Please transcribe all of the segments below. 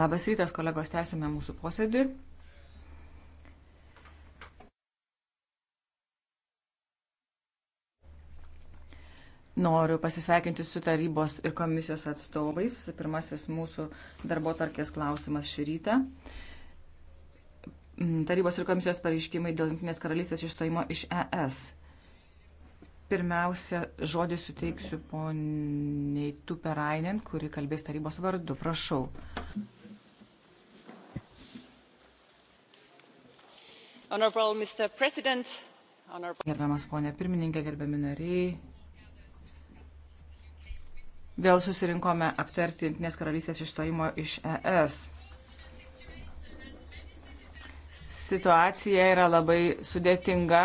Labas rytas, kolegos, tęsime mūsų posėdį. Noriu pasisveikinti su tarybos ir komisijos atstovais. Pirmasis mūsų darbo tarkės klausimas šį rytą. Mm, tarybos ir komisijos pareiškimai dėl Junktinės karalystės išstojimo iš ES. Pirmiausia, žodį suteiksiu poniai Tuperainen, kuri kalbės tarybos vardu. Prašau. Gerbiamas ponė pirmininkė, gerbiami nariai. Vėl susirinkome aptarti Junktinės karalystės išstojimo iš ES. Situacija yra labai sudėtinga.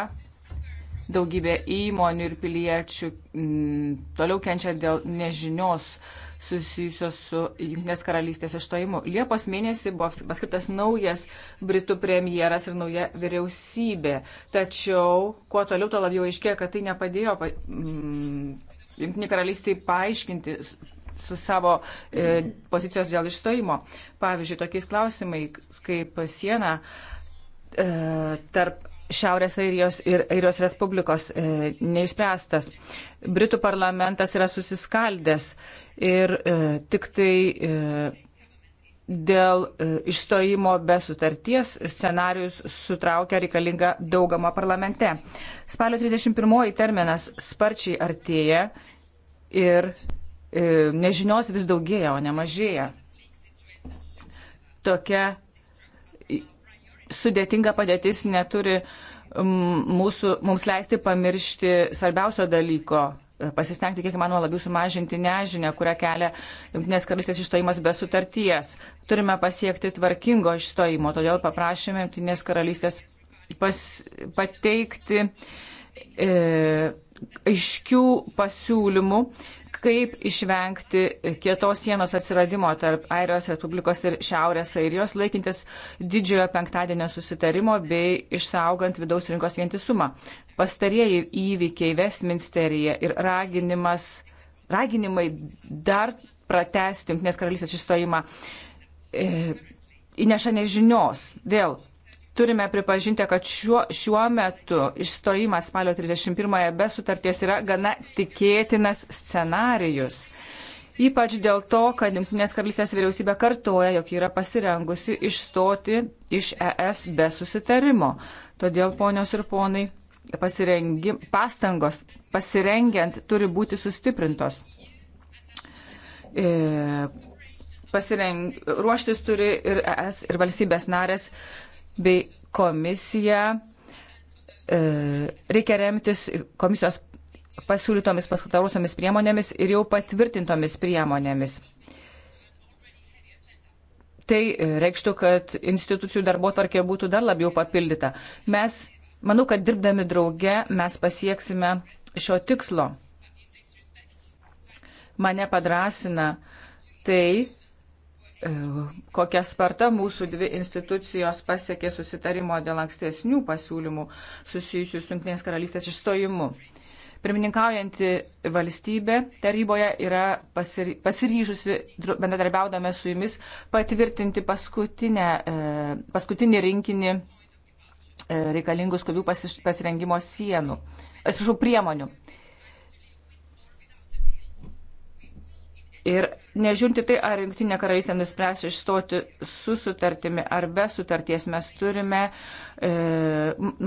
Daugybė įmonių ir piliečių m, mm, toliau kenčia dėl nežinios susijusios su Junktinės karalystės išstojimu. Liepos mėnesį buvo paskirtas naujas Britų premjeras ir nauja vyriausybė. Tačiau, kuo toliau, to labiau aiškėja, kad tai nepadėjo mm, Junktinė karalystė paaiškinti su savo e, pozicijos dėl išstojimo. Pavyzdžiui, tokiais klausimais kaip siena e, tarp Šiaurės Airijos ir Airijos Respublikos e, neišspręstas. Britų parlamentas yra susiskaldęs ir e, tik tai e, dėl e, išstojimo be sutarties scenarius sutraukia reikalingą daugumą parlamente. Spalio 31 terminas sparčiai artėja ir e, nežinios vis daugėja, o ne mažėja. Tokia sudėtinga padėtis neturi mūsų, mums leisti pamiršti svarbiausio dalyko e, pasistengti kiek įmanoma labiau sumažinti nežinę, kurią kelia Junktinės karalystės išstojimas be sutarties. Turime pasiekti tvarkingo išstojimo, todėl paprašėme Junktinės karalystės pas, pateikti e, aiškių pasiūlymų, kaip išvengti kietos sienos atsiradimo tarp Airijos Respublikos ir Šiaurės Airijos, laikintis didžiojo penktadienio susitarimo bei išsaugant vidaus rinkos vientisumą. Pastarieji įvykiai Westminsteryje ir raginimas, raginimai dar pratesti Junktinės karalystės išstojimą e, įneša nežinios. Vėl turime pripažinti, kad šiuo, šiuo metu išstojimas spalio 31-ąją be sutarties yra gana tikėtinas scenarijus. Ypač dėl to, kad Junktinės karalystės vyriausybė kartoja, jog yra pasirengusi išstoti iš ES be susitarimo. Todėl, ponios ir ponai, pasirengi, pastangos pasirengiant turi būti sustiprintos. E, pasireng, ruoštis turi ir ES, ir valstybės narės bei komisija. E, reikia remtis komisijos pasiūlytomis paskutarusiomis priemonėmis ir jau patvirtintomis priemonėmis. Tai e, reikštų, kad institucijų darbo tvarkė būtų dar labiau papildyta. Mes, manau, kad dirbdami drauge mes pasieksime šio tikslo. Mane padrasina tai, E, kokia sparta mūsų dvi institucijos pasiekė susitarimo dėl ankstesnių pasiūlymų susijusių su Junktinės karalystės išstojimu. Pirmininkaujanti valstybė taryboje yra pasiryžusi, bendradarbiaudama su jumis, patvirtinti e, paskutinį rinkinį e, reikalingų skubių pasirengimo sienų, atsiprašau, priemonių. Ir nežiūrinti tai, ar Junktinė karalystė nuspręs išstoti su sutartimi ar be sutarties, mes turime e,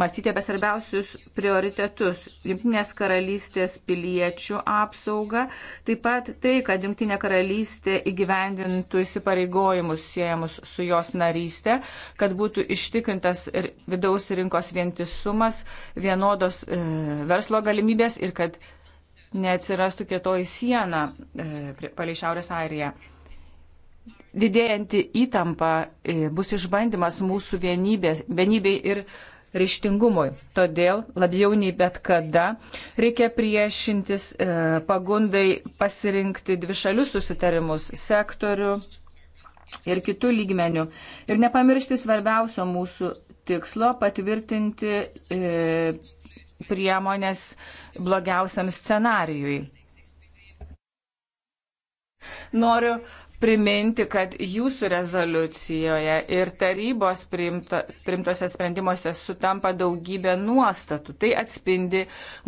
mąstyti apie svarbiausius prioritetus. Junktinės karalystės piliečių apsauga, taip pat tai, kad Junktinė karalystė įgyvendintų įsipareigojimus siejamus su jos narystė, kad būtų ištikrintas vidaus rinkos vientisumas, vienodos e, verslo galimybės ir kad neatsirastų kietoji siena e, palei Šiaurės Airiją. Didėjanti įtampa e, bus išbandymas mūsų vienybės, vienybei ir ryštingumui. Todėl labiau nei bet kada reikia priešintis e, pagundai pasirinkti dvišalius susitarimus sektorių ir kitų lygmenių. Ir nepamiršti svarbiausio mūsų tikslo patvirtinti e, priemonės blogiausiam scenarijui. Noriu priminti, kad jūsų rezoliucijoje ir tarybos priimto, priimtose sprendimuose sutampa daugybė nuostatų. Tai atspindi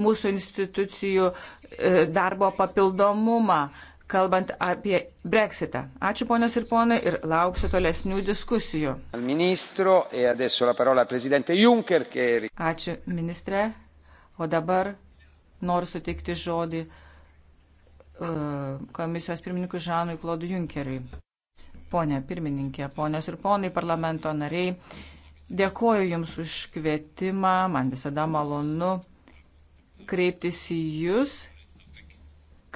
mūsų institucijų e, darbo papildomumą, kalbant apie Brexitą. Ačiū ponios ir ponai ir lauksiu tolesnių diskusijų. E Ačiū ministrė. O dabar noriu suteikti žodį e, komisijos pirmininkui Žanui Klodui Junkeriui. Pone pirmininkė, ponios ir ponai parlamento nariai, dėkoju Jums už kvietimą, man visada malonu kreiptis į Jūs,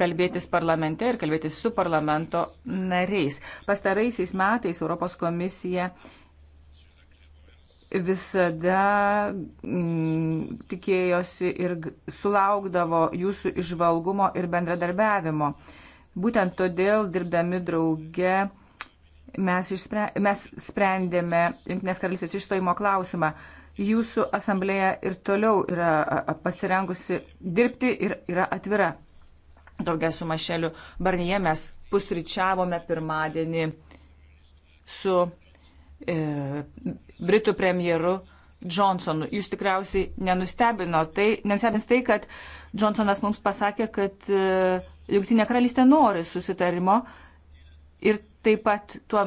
kalbėtis parlamente ir kalbėtis su parlamento nariais. Pastaraisiais metais Europos komisija uh, visada mm, tikėjosi ir sulaukdavo jūsų išvalgumo ir bendradarbiavimo. Būtent todėl, dirbdami drauge, mes, išspre, mes sprendėme Junktinės karalystės išstojimo klausimą. Jūsų asamblėja ir toliau yra pasirengusi dirbti ir yra atvira. Daugia su Mašeliu Barnyje mes pusryčiavome pirmadienį su e, Britų premjeru Johnsonu. Jūs tikriausiai nenustebino tai, nenustebins tai, kad Johnsonas mums pasakė, kad e, Junktinė karalystė nori susitarimo ir taip pat tuo,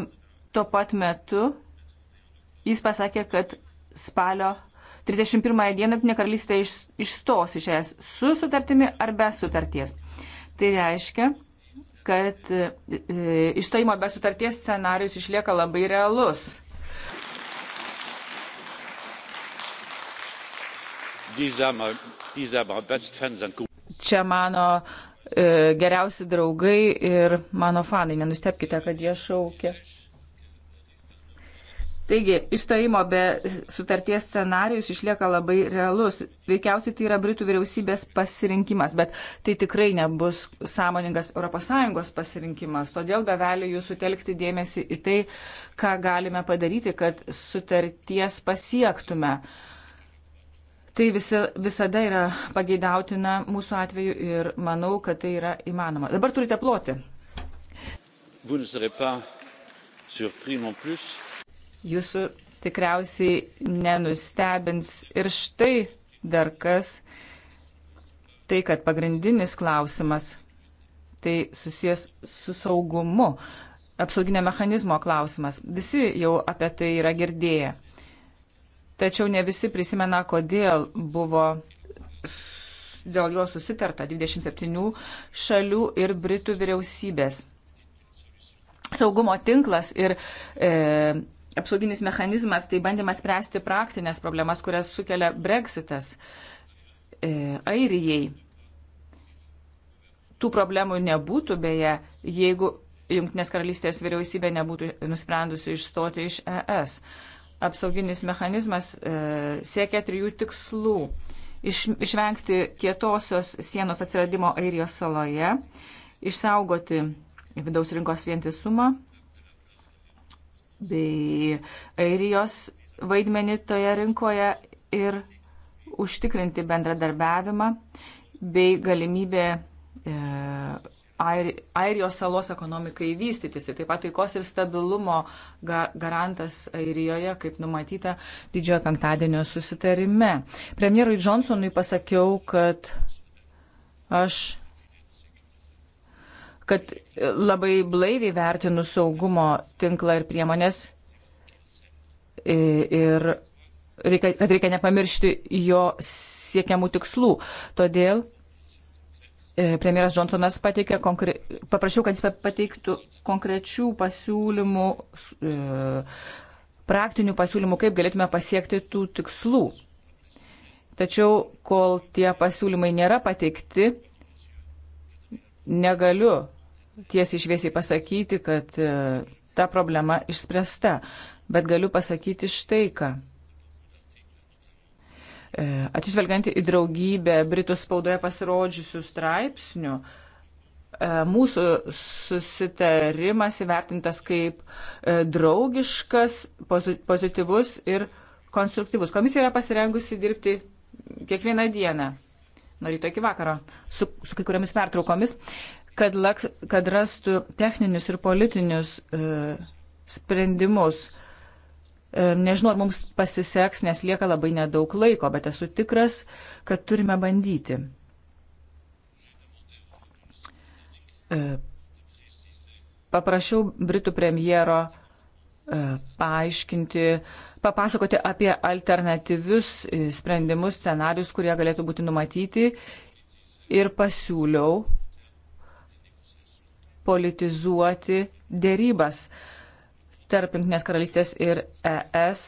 tuo pat metu jis pasakė, kad spalio 31 dieną Junktinė karalystė iš, išstos iš es su sutartimi ar be sutarties. Tai reiškia, kad e, išstojimo be sutarties scenarius išlieka labai realus. Čia mano e, geriausi draugai ir mano fanai. Nenustepkite, kad jie šaukia. Taigi, išstojimo be sutarties scenarijus išlieka labai realus. Veikiausiai tai yra Britų vyriausybės pasirinkimas, bet tai tikrai nebus sąmoningas ES pasirinkimas. Todėl bevelė jūs sutelkti dėmesį į tai, ką galime padaryti, kad sutarties pasiektume. Tai visi, visada yra pageidautina mūsų atveju ir manau, kad tai yra įmanoma. Dabar turite ploti. Vous ne serez pas surpris non plus jūsų tikriausiai nenustebins. Ir štai dar kas, tai kad pagrindinis klausimas, tai susijęs su saugumu, apsauginio mechanizmo klausimas. Visi jau apie tai yra girdėję. Tačiau ne visi prisimena, kodėl buvo dėl jo susitarta 27 šalių ir Britų vyriausybės. Saugumo tinklas ir e, apsauginis mechanizmas tai bandymas spręsti praktinės problemas, kurias sukelia Brexitas e, Airijai. Tų problemų nebūtų beje, jeigu Junktinės karalystės vyriausybė nebūtų nusprendusi išstoti iš ES. Apsauginis mechanizmas e, siekia trijų tikslų. Iš, išvengti kietosios sienos atsiradimo Airijos saloje, išsaugoti vidaus rinkos vientisumą bei Airijos vaidmenį toje rinkoje ir užtikrinti bendradarbiavimą bei galimybę e, Air, Airijos salos ekonomikai vystytis. Tai taip pat taikos ir stabilumo ga, garantas Airijoje, kaip numatyta didžiojo penktadienio susitarime. Premjerui Johnsonui pasakiau, kad aš kad labai blaiviai vertinu saugumo tinklą ir priemonės ir reikia, kad reikia nepamiršti jo siekiamų tikslų. Todėl e, premjeras Johnsonas pateikė, konkre... paprašiau, kad jis pateiktų konkrečių pasiūlymų, e, praktinių pasiūlymų, kaip galėtume pasiekti tų tikslų. Tačiau, kol tie pasiūlymai nėra pateikti, negaliu tiesiai išviesiai pasakyti, kad e, ta problema išspręsta, bet galiu pasakyti štai ką. E, atsižvelgiant į draugybę Britų spaudoje pasirodžiusių straipsnių, e, mūsų susitarimas įvertintas kaip draugiškas, pozityvus ir konstruktyvus. Komisija yra pasirengusi dirbti kiekvieną dieną, nuo ryto iki vakaro, su, su kai kuriomis pertraukomis kad, laks, kad rastų techninius ir politinius e, sprendimus. E, nežinau, ar mums pasiseks, nes lieka labai nedaug laiko, bet esu tikras, kad turime bandyti. E, paprašiau Britų premjero e, paaiškinti, papasakoti apie alternatyvius e, sprendimus, scenarius, kurie galėtų būti numatyti ir pasiūliau politizuoti dėrybas tarp Junktinės karalystės ir ES,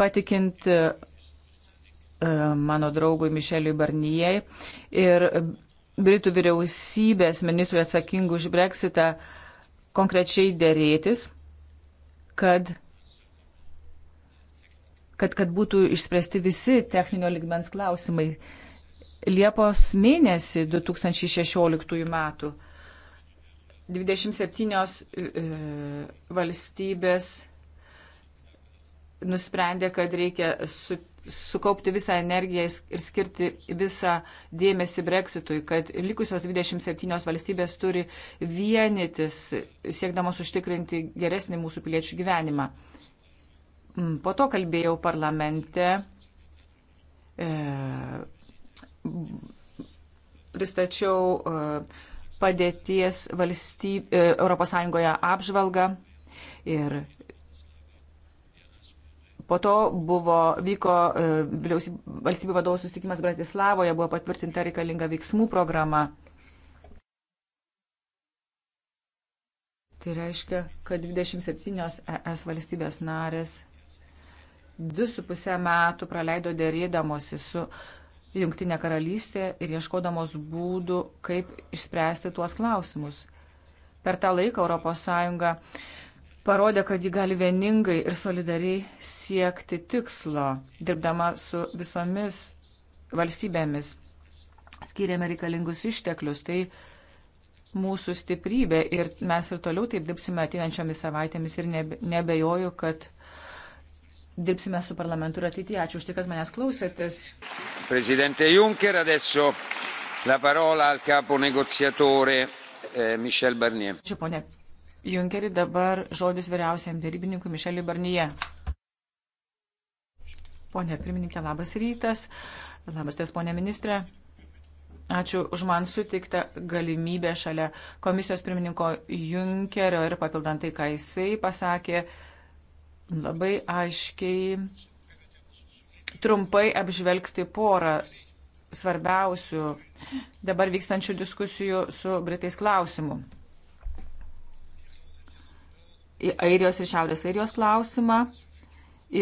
patikint e, mano draugui Mišeliui Barnijai ir Britų vyriausybės ministrui atsakingų už Brexitą konkrečiai dėrėtis, kad, kad, kad būtų išspręsti visi techninio ligmens klausimai. Liepos mėnesį 2016 metų 27 e, valstybės nusprendė, kad reikia su, sukaupti visą energiją ir skirti visą dėmesį breksitui, kad likusios 27 valstybės turi vienytis, siekdamos užtikrinti geresnį mūsų piliečių gyvenimą. Mm, po to kalbėjau parlamente, e, pristačiau e, padėties valstyb, ES apžvalgą ir po to buvo, vyko e, valstybių vadovų susitikimas Bratislavoje, buvo patvirtinta reikalinga veiksmų programa. Tai reiškia, kad 27 ES valstybės narės 2,5 metų praleido dėrėdamosi su uh, Jungtinę karalystę ir ieškodamos būdų, kaip išspręsti tuos klausimus. Per tą laiką ES parodė, kad ji gali vieningai ir solidariai siekti tikslo, dirbdama su visomis valstybėmis. Skiriame reikalingus išteklius. Tai mūsų stiprybė ir mes ir toliau taip dirbsime ateinančiomis savaitėmis ir nebejoju, kad dirbsime su parlamentu ir ateityje. Ačiū už tai, kad manęs klausėtės. Prezidentė Juncker, adesso la parola al capo negoziatore eh, Michel Barnier. Ačiū, ponė Junkerį, dabar žodis vyriausiam dėrybininkui Mišeliui Barnier. Pone pirmininkė, labas rytas. Labas ties, ponė ministrė. Ačiū už man sutiktą galimybę šalia komisijos pirmininko Junkerio ir papildant tai, ką jisai pasakė labai aiškiai trumpai apžvelgti porą svarbiausių dabar vykstančių diskusijų su Britais klausimų. Airijos ir Šiaurės Airijos klausimą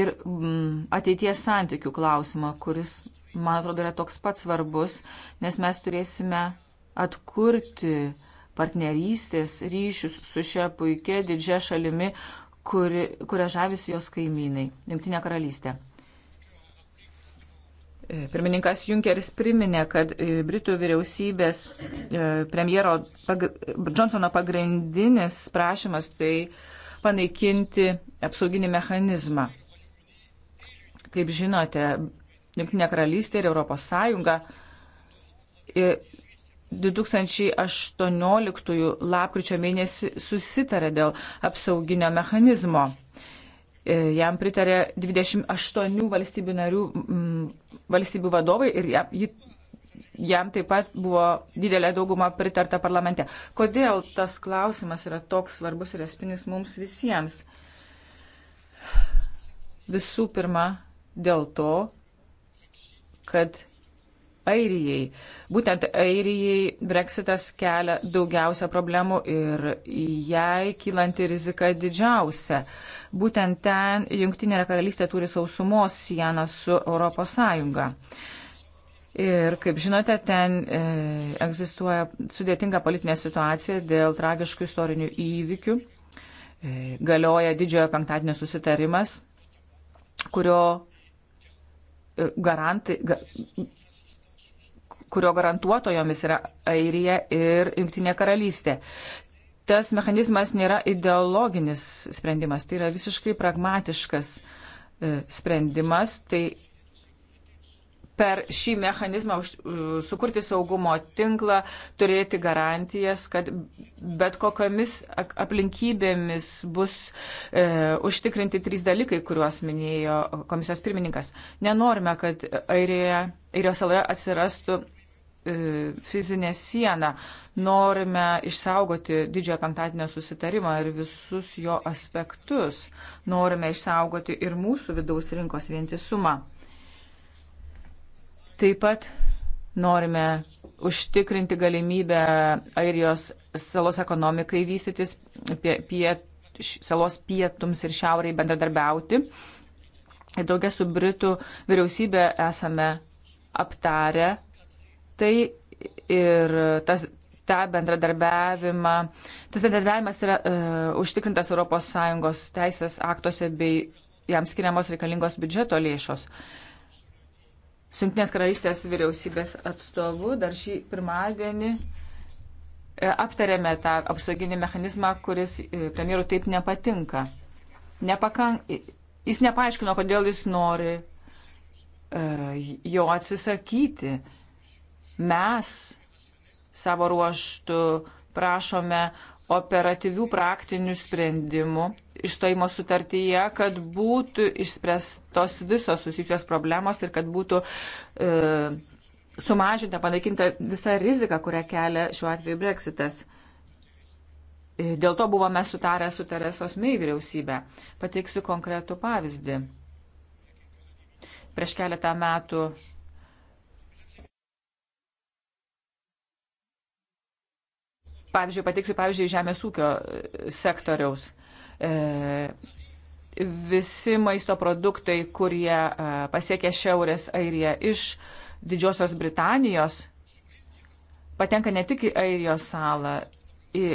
ir mm, ateities santykių klausimą, kuris, man atrodo, yra toks pat svarbus, nes mes turėsime atkurti partnerystės ryšius su šia puikia didžia šalimi, kuri, kuria žavisi jos kaimynai - Junktinė karalystė. E, pirmininkas Junkeris priminė, kad e, Britų vyriausybės e, premjero pag Johnsono pagrindinis prašymas tai panaikinti apsauginį mechanizmą. Kaip žinote, Junktinė karalystė ir Europos Sąjunga 2018 lapkričio mėnesį susitarė dėl apsauginio mechanizmo. E, jam pritarė 28 valstybių narių valstybių vadovai ir jam taip pat buvo didelė dauguma pritarta parlamente. Kodėl tas klausimas yra toks svarbus ir esminis mums visiems? Visų pirma, dėl to, kad Airijai. Būtent Airijai breksitas kelia daugiausia problemų ir jai kylanti rizika didžiausia. Būtent ten Junktinė karalystė turi sausumos sieną su ES. Ir, kaip žinote, ten e, egzistuoja sudėtinga politinė situacija dėl tragiškų istorinių įvykių. E, galioja didžiojo penktadienio susitarimas, kurio e, garantai, kurio garantuotojomis yra Airija ir Junktinė karalystė. Tas mechanizmas nėra ideologinis sprendimas, tai yra visiškai pragmatiškas e, sprendimas. Tai per šį mechanizmą e, sukurti saugumo tinklą, turėti garantijas, kad bet kokiamis aplinkybėmis bus e, užtikrinti trys dalykai, kuriuos minėjo komisijos pirmininkas. Nenorime, kad Airija, Airijos saloje atsirastų E, fizinę sieną. Norime išsaugoti didžiojo penktadienio susitarimą ir visus jo aspektus. Norime išsaugoti ir mūsų vidaus rinkos vientisumą. Taip pat norime užtikrinti galimybę Airijos salos ekonomikai vystytis, pie, pie, salos pietums ir šiauriai bendradarbiauti. Ir daugia su Britų vyriausybė esame aptarę Tai ir tas, tą bendradarbiavimą, tas bendradarbiavimas yra uh, užtikrintas ES teisės aktuose bei jam skiriamos reikalingos biudžeto lėšos. Sunktinės karalystės vyriausybės atstovu dar šį pirmadienį e, aptarėme tą apsauginį mechanizmą, kuris e, premjerų taip nepatinka. Nepakank, jis nepaaiškino, kodėl jis nori uh, jo atsisakyti. Uh, Mes savo ruoštų prašome operatyvių praktinių sprendimų išstojimo sutartyje, kad būtų išspręstos visos susijusios problemos ir kad būtų e, sumažinta, panaikinta visa rizika, kurią kelia šiuo atveju breksitas. E, dėl to buvome sutarę su Teresos Mei vyriausybė. Pateiksiu konkretų pavyzdį. Prieš keletą metų Pavyzdžiui, pateiksiu pavyzdžiui žemės ūkio e, sektoriaus. E, visi maisto produktai, kurie e, pasiekia Šiaurės Airiją iš Didžiosios Britanijos, patenka ne tik į Airijos salą, į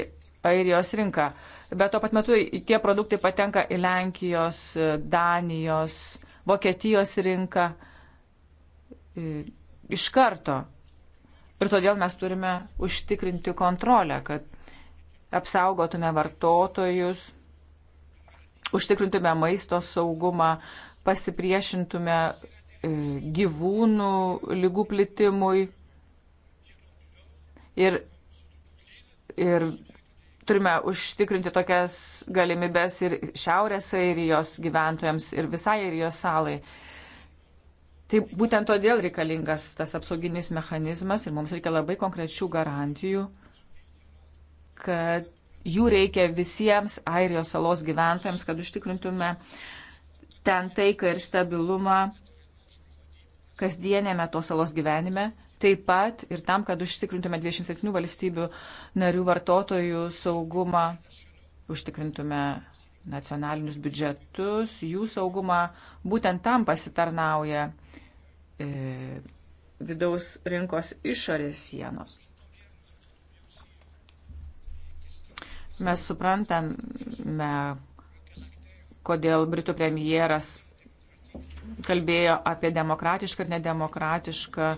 Airijos rinką, bet tuo pat metu tie produktai patenka į Lenkijos, e, Danijos, Vokietijos rinką e, iš karto. Ir todėl mes turime užtikrinti kontrolę, kad apsaugotume vartotojus, užtikrintume maisto saugumą, pasipriešintume e, gyvūnų lygų plitimui. Ir, ir turime užtikrinti tokias galimybes ir Šiaurės Airijos gyventojams, ir visai Airijos salai. Tai būtent todėl reikalingas tas apsauginis mechanizmas ir mums reikia labai konkrečių garantijų, kad jų reikia visiems Airijos salos gyventojams, kad užtikrintume ten taiką ir stabilumą kasdienėme tos salos gyvenime. Taip pat ir tam, kad užtikrintume 27 valstybių narių vartotojų saugumą, užtikrintume nacionalinius biudžetus, jų saugumą, būtent tam pasitarnauja e, vidaus rinkos išorės sienos. Mes suprantame, kodėl Britų premjeras kalbėjo apie demokratišką ir nedemokratišką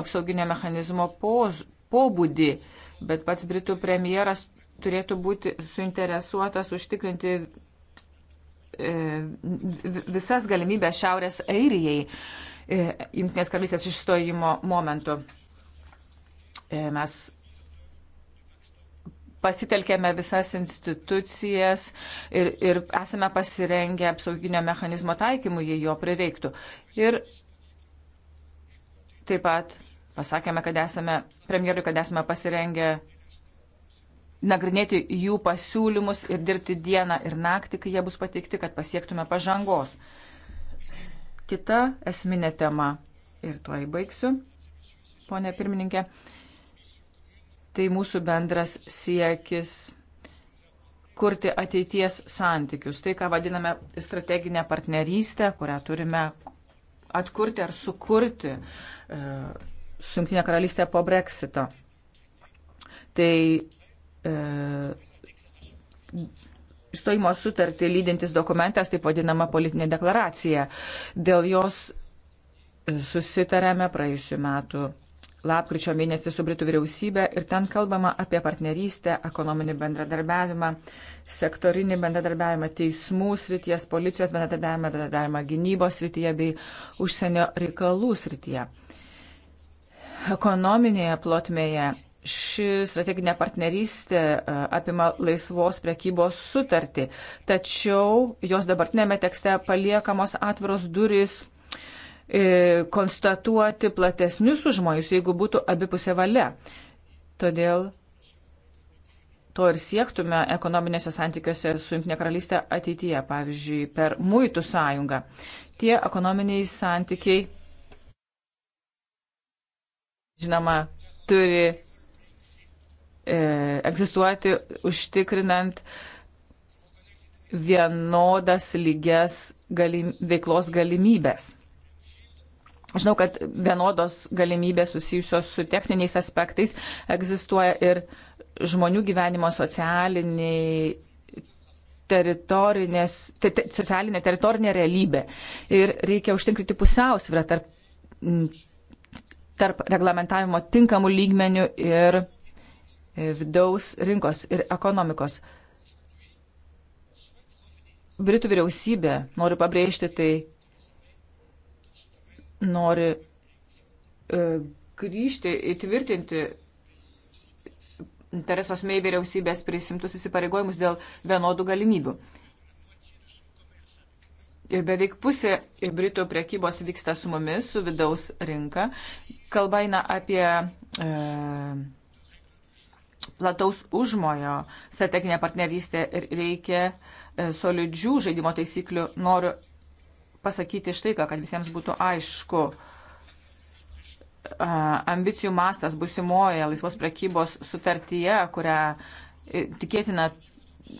apsauginio mechanizmo poz, pobūdį, bet pats Britų premjeras turėtų būti suinteresuotas užtikrinti e, visas galimybės Šiaurės Airijai e, Junktinės karalystės išstojimo momentu. E, mes pasitelkėme visas institucijas ir, ir esame pasirengę apsauginio mechanizmo taikymui, jei jo prireiktų. Ir taip pat pasakėme, kad esame, premjerui, kad esame pasirengę nagrinėti jų pasiūlymus ir dirbti dieną ir naktį, kai jie bus pateikti, kad pasiektume pažangos. Kita esminė tema, ir tuo įbaigsiu, ponė pirmininkė, tai mūsų bendras siekis kurti ateities santykius. Tai, ką vadiname strateginę partnerystę, kurią turime atkurti ar sukurti e, su Junktinė karalystė po Brexito. Tai Įstojimo e, sutartį lydintis dokumentas, taip vadinama politinė deklaracija. Dėl jos e, susitarėme praėjusiu metu lapkričio mėnesį su Britų vyriausybė ir ten kalbama apie partnerystę, ekonominį bendradarbiavimą, sektorinį bendradarbiavimą teismų srities, policijos bendradarbiavimą, bendradarbiavimą gynybos srityje bei užsienio reikalų srityje. Ekonominėje plotmėje ši strateginė partnerystė e, apima laisvos prekybos sutartį, tačiau jos dabartinėme tekste paliekamos atviros durys e, konstatuoti platesnius užmojus, jeigu būtų abipusė valia. Todėl to ir siektume ekonominėse santykiuose su Junktinė karalystė ateityje, pavyzdžiui, per muitų sąjungą. Tie ekonominiai santykiai, žinoma, turi E, egzistuoti užtikrinant vienodas lygias galim, veiklos galimybės. Žinau, kad vienodos galimybės susijusios su techniniais aspektais egzistuoja ir žmonių gyvenimo socialiniai teritorinės, te, te, socialinė teritorinė realybė. Ir reikia užtinkrinti pusiausvyrą tarp, tarp reglamentavimo tinkamų lygmenių ir vidaus rinkos ir ekonomikos. Britų vyriausybė, noriu pabrėžti, tai nori e, grįžti, įtvirtinti Teresos mei vyriausybės prisimtus įsipareigojimus dėl vienodų galimybių. Ir beveik pusė Britų priekybos vyksta su mumis, su vidaus rinka. Kalba eina apie e, plataus užmojo strateginė partnerystė ir reikia e, solidžių žaidimo taisyklių. Noriu pasakyti štai ką, kad visiems būtų aišku. Ambicijų mastas busimoje laisvos prekybos sutartyje, kurią e, tikėtina,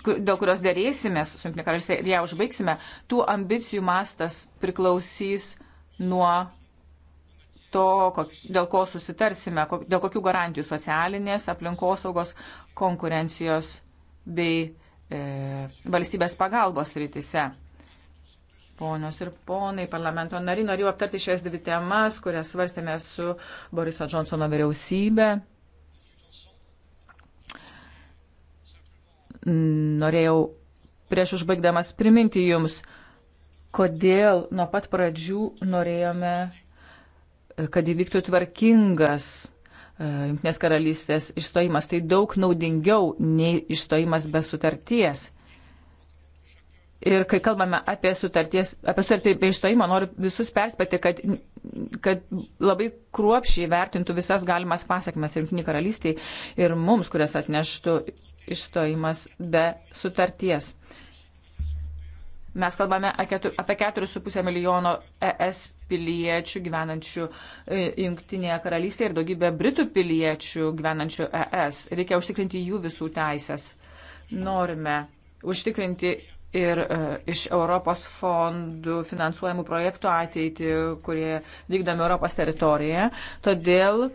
dėl kurios dėrėsimės su Junktinė karalystė ir ją užbaigsime, tų ambicijų mastas priklausys nuo to, dėl ko susitarsime, dėl kokių garantijų socialinės, aplinkosaugos, konkurencijos bei e, valstybės pagalbos rytise. Ponios ir ponai, parlamento nariai, norėjau aptarti šias dvi temas, kurias svarstėme su Boriso Johnsono vyriausybė. Norėjau prieš užbaigdamas priminti jums, kodėl nuo pat pradžių norėjome kad įvyktų tvarkingas e, Junktinės karalystės išstojimas. Tai daug naudingiau nei išstojimas be sutarties. Ir kai kalbame apie, sutarties, apie sutartį be išstojimo, noriu visus perspėti, kad, kad labai kruopšiai vertintų visas galimas pasiekmes Junktinė karalystiai ir mums, kurias atneštų išstojimas be sutarties. Mes kalbame apie 4,5 milijono ES piliečių gyvenančių e, Junktinėje karalystėje ir daugybė Britų piliečių gyvenančių ES. Reikia užtikrinti jų visų teisės. Norime užtikrinti ir e, iš Europos fondų finansuojamų projektų ateitį, kurie vykdomi Europos teritorijoje. Todėl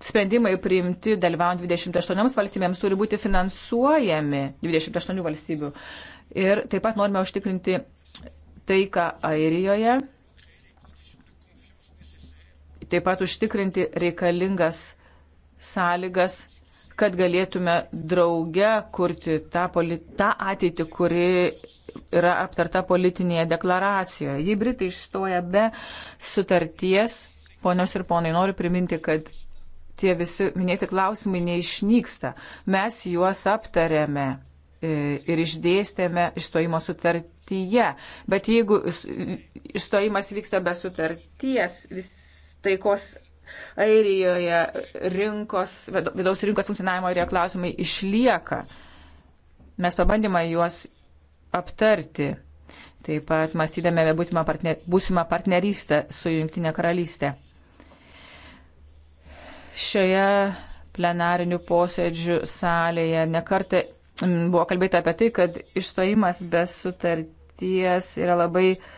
sprendimai priimti dalyvaujant 28 valstybėms turi būti finansuojami 28 valstybių. Ir taip pat norime užtikrinti taiką Airijoje taip pat užtikrinti reikalingas sąlygas, kad galėtume drauge kurti tą, tą ateitį, kuri yra aptarta politinėje deklaracijoje. Jei Britai išstoja be sutarties, ponios ir ponai, noriu priminti, kad tie visi minėti klausimai neišnyksta. Mes juos aptarėme e, ir išdėstėme išstojimo sutartyje. Bet jeigu išstojimas vyksta be sutarties, visi taikos Airijoje rinkos, vidaus rinkos funkcionavimo ir jie klausimai išlieka. Mes pabandėme juos aptarti, taip pat mąstydami apie būsimą, partner, būsimą partnerystę su Junktinė karalystė. Šioje plenarinių posėdžių salėje nekartą mm, buvo kalbėta apie tai, kad išstojimas be sutarties yra labai uh,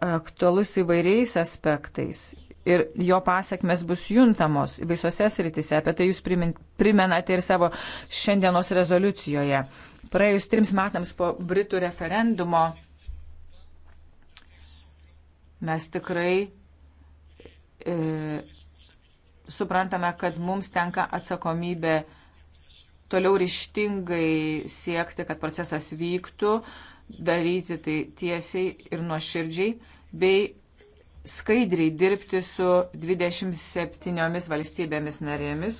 aktualus įvairiais aspektais ir jo pasiekmes bus juntamos visose sritise. Apie tai jūs primenate ir savo šiandienos rezoliucijoje. Praėjus trims metams po Britų referendumo mes tikrai e, suprantame, kad mums tenka atsakomybė toliau ryštingai siekti, kad procesas vyktų. E, daryti tai tiesiai ir nuoširdžiai, bei skaidriai dirbti su 27 valstybėmis narėmis.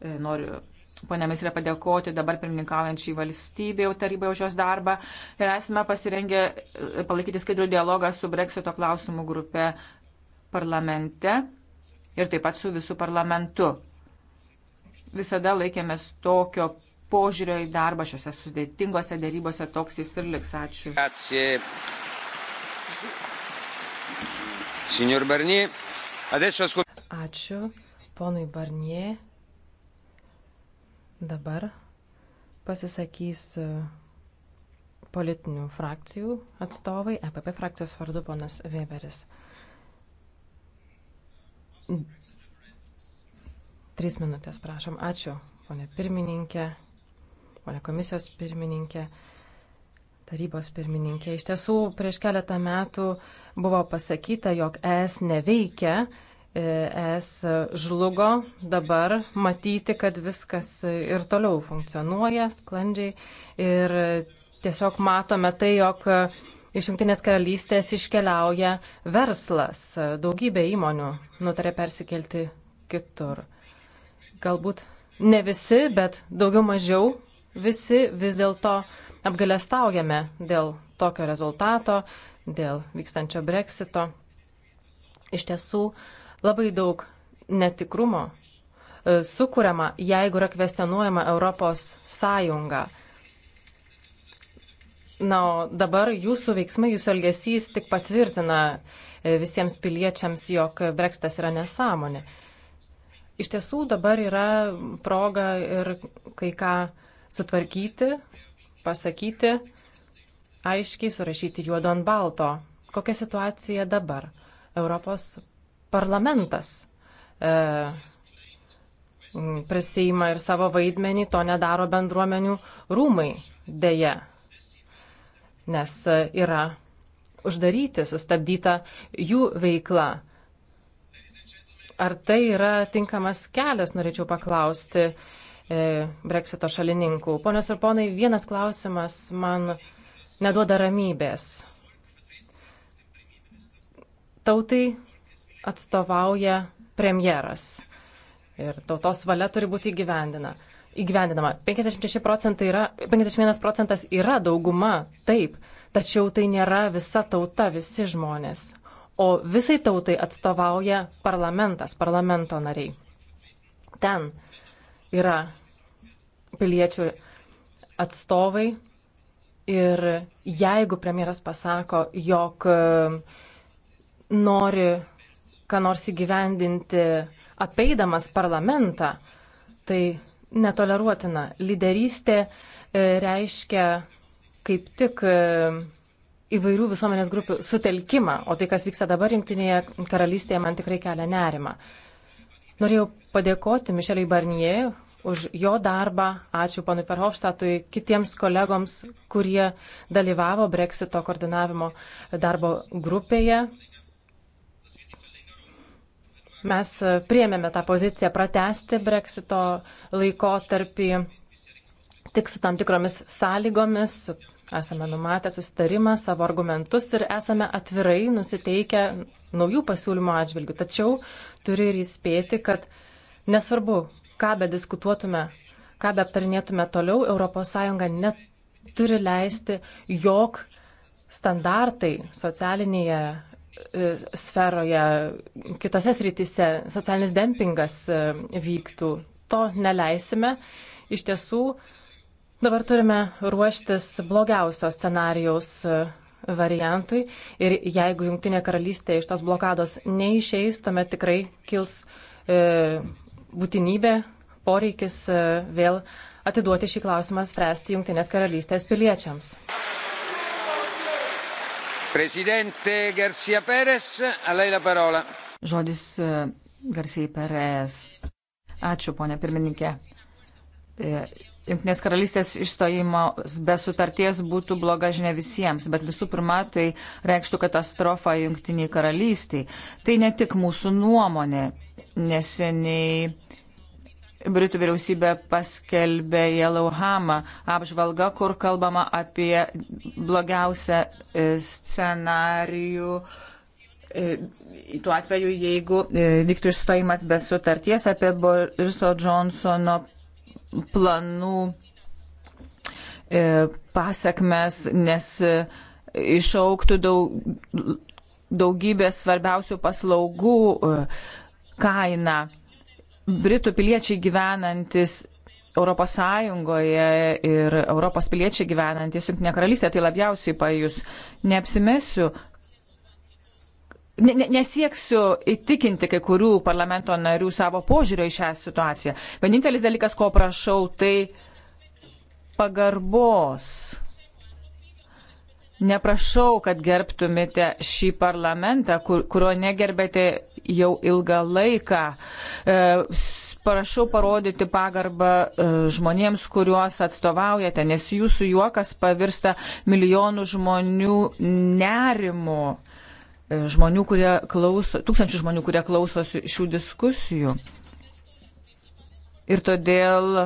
E, noriu ponėmis yra padėkoti dabar pirmininkaujančiai valstybė, tarybai už jos darbą. Ir esame pasirengę e, palaikyti skaidrų dialogą su Brexito klausimų grupe parlamente ir taip pat su visų parlamentu. Visada laikėmės tokio požiūrio į darbą šiuose sudėtingose dėrybose toks jis ir liks. Ačiū. Grazie. Signor Barnier, adesso ascoltiamo. Ačiū ponui Barnier. Dabar pasisakys e, politinių frakcijų atstovai, EPP frakcijos vardu ponas Weberis. Tris minutės, prašom. Ačiū, ponė pirmininkė ponė komisijos pirmininkė, tarybos pirmininkė. Iš tiesų, prieš keletą metų buvo pasakyta, jog ES neveikia, e, ES žlugo, dabar matyti, kad viskas ir toliau funkcionuoja sklandžiai ir tiesiog matome tai, jog iš Junktinės karalystės iškeliauja verslas, daugybė įmonių nutarė persikelti kitur. Galbūt ne visi, bet daugiau mažiau visi vis dėlto apgalestaujame dėl tokio rezultato, dėl vykstančio breksito. Iš tiesų labai daug netikrumo e, sukūriama, jeigu yra kvestionuojama Europos sąjunga. Na, o dabar jūsų veiksmai, jūsų elgesys tik patvirtina e, visiems piliečiams, jog breksitas yra nesąmonė. Iš tiesų dabar yra proga ir kai ką sutvarkyti, pasakyti, aiškiai surašyti juodo ant balto. Kokia situacija dabar? Europos parlamentas e, prisima ir savo vaidmenį, to nedaro bendruomenių rūmai dėje, nes e, yra uždaryti, sustabdyta jų veikla. Ar tai yra tinkamas kelias, norėčiau paklausti, E, breksito šalininkų. Ponios ir ponai, vienas klausimas man neduoda ramybės. Tautai atstovauja premjeras ir tautos valia turi būti įgyvendina. Įgyvendinama. 56 procentai yra, 51 procentas yra dauguma, taip, tačiau tai nėra visa tauta, visi žmonės. O visai tautai atstovauja parlamentas, parlamento nariai. Ten yra piliečių atstovai ir jeigu premjeras pasako, jog um, nori ką nors įgyvendinti apeidamas parlamentą, tai netoleruotina. Liderystė e, reiškia kaip tik e, įvairių visuomenės grupių sutelkimą, o tai, kas vyksta dabar Junktinėje karalystėje, man tikrai kelia nerima. Norėjau padėkoti Mišeliai Barnie už jo darbą. Ačiū panui Ferhofstatui, kitiems kolegoms, kurie dalyvavo Brexito koordinavimo darbo grupėje. Mes priemėme tą poziciją pratesti Brexito laikotarpį tik su tam tikromis sąlygomis, esame numatę susitarimą, savo argumentus ir esame atvirai nusiteikę naujų pasiūlymų atžvilgių. Tačiau turiu ir įspėti, kad nesvarbu, ką be diskutuotume, ką be aptarinėtume toliau, ES neturi leisti, jog standartai socialinėje e, sferoje, kitose srityse socialinis dempingas e, vyktų. To neleisime. Iš tiesų, dabar turime ruoštis blogiausio scenarijaus e, variantui. Ir jeigu Junktinė karalystė iš tos blokados neišeis, tuomet tikrai kils e, būtinybė, poreikis e, vėl atiduoti šį klausimą spręsti Junktinės karalystės piliečiams. Prezidente Garcia Perez, a lei la parola. Žodis e, Garcia Perez. Ačiū, ponė pirmininkė. E, Junktinės karalystės išstojimas be sutarties būtų bloga žinia visiems, bet visų pirma tai reikštų katastrofą Junktiniai karalystiai. Tai ne tik mūsų nuomonė. Neseniai Britų vyriausybė paskelbė Jelauhamą apžvalgą, kur kalbama apie blogiausią e, scenarijų. E, tuo atveju, jeigu e, vyktų išstojimas be sutarties apie Boriso Johnsono planų e, pasakmes, nes e, išauktų daug, daugybės svarbiausių paslaugų e, kaina. Britų piliečiai gyvenantis Europos Sąjungoje ir Europos piliečiai gyvenantis Junktinė karalystė, tai labiausiai pajus. Neapsimesiu, ne, ne, nesieksiu įtikinti kai kurių parlamento narių savo požiūrio į šią situaciją. Vienintelis dalykas, ko prašau, tai pagarbos. Neprašau, kad gerbtumėte šį parlamentą, kur, kurio negerbėte jau ilgą laiką. E, prašau parodyti pagarbą e, žmonėms, kuriuos atstovaujate, nes jūsų juokas pavirsta milijonų žmonių nerimu. E, žmonių, kurie klauso, tūkstančių žmonių, kurie klausosi šių diskusijų. Ir todėl e,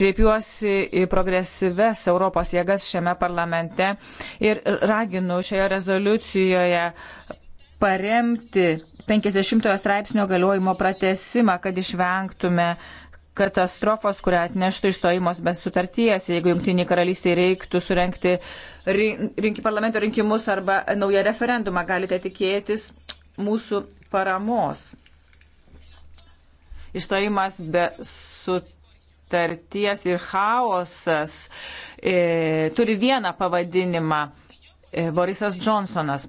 kreipiuosi į progresyves Europos jėgas šiame parlamente ir raginu šioje rezoliucijoje paremti 50 straipsnio galiojimo pratesimą, kad išvengtume katastrofos, kurią atneštų išstojimos be sutarties, jeigu jungtiniai karalystiai reiktų surenkti rink, parlamento rinkimus arba naują referendumą, galite tikėtis mūsų paramos. Išstojimas be sutarties ir chaosas e, turi vieną pavadinimą e, - Borisas Johnsonas.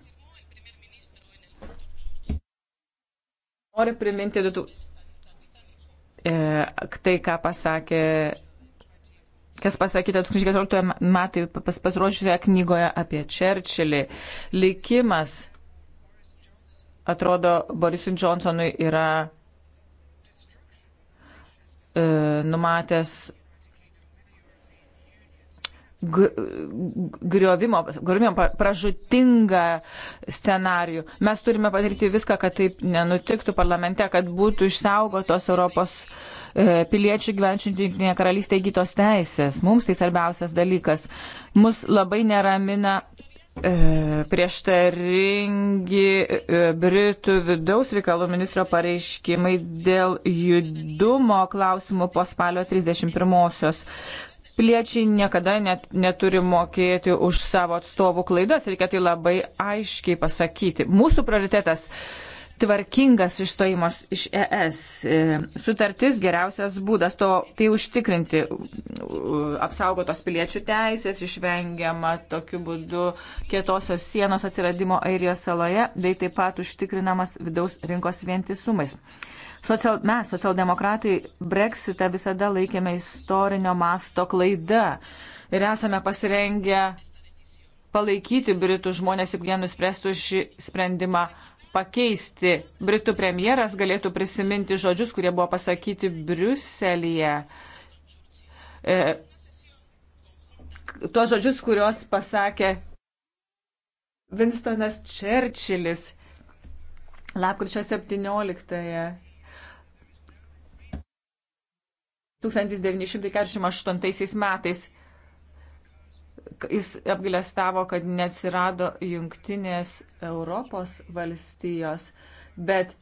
Noriu priminti E, tai, ką pasakė, kas pasakyta 2014 metai pas, pasirodžiusioje knygoje apie Čerčilį. Likimas, atrodo, Borisui Johnsonui yra e, numatęs griovimo, griovimo pražutingą scenarijų. Mes turime padaryti viską, kad taip nenutiktų parlamente, kad būtų išsaugotos Europos e, piliečių gyvenčių Junktinėje karalystėje įgytos teisės. Mums tai svarbiausias dalykas. Mus labai neramina e, prieštaringi e, Britų vidaus reikalų ministro pareiškimai dėl judumo klausimų po spalio 31-osios Piliečiai niekada net, neturi mokėti už savo atstovų klaidas, reikia tai labai aiškiai pasakyti. Mūsų prioritetas tvarkingas išstojimas iš ES. E, sutartis geriausias būdas to, tai užtikrinti apsaugotos piliečių teisės, išvengiama tokiu būdu kietosios sienos atsiradimo Airijos saloje, bei taip pat užtikrinamas vidaus rinkos vientisumais. Social, mes, socialdemokratai, breksitą visada laikėme istorinio masto klaida ir esame pasirengę palaikyti Britų žmonės, jeigu jie nuspręstų šį sprendimą pakeisti. Britų premjeras galėtų prisiminti žodžius, kurie buvo pasakyti Briuselėje. E, tuos žodžius, kuriuos pasakė Winstonas Čerčilis lapkričio 17. -ąją. 1948 metais. Jis apgilestavo, kad neatsirado jungtinės Europos valstijos, bet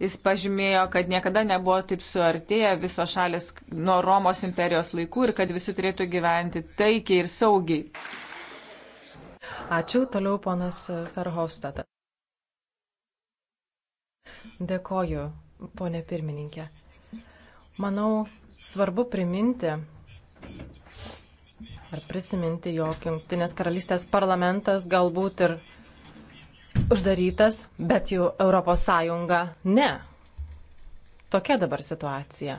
jis pažymėjo, kad niekada nebuvo taip suartėję visos šalis nuo Romos imperijos laikų ir kad visi turėtų gyventi taikiai ir saugiai. Ačiū, toliau ponas Ferhofstadas. Dėkoju, ponė pirmininkė. Manau, svarbu priminti ar prisiminti, jog Junktinės karalystės parlamentas galbūt ir uždarytas, bet jų Europos Sąjunga ne. Tokia dabar situacija.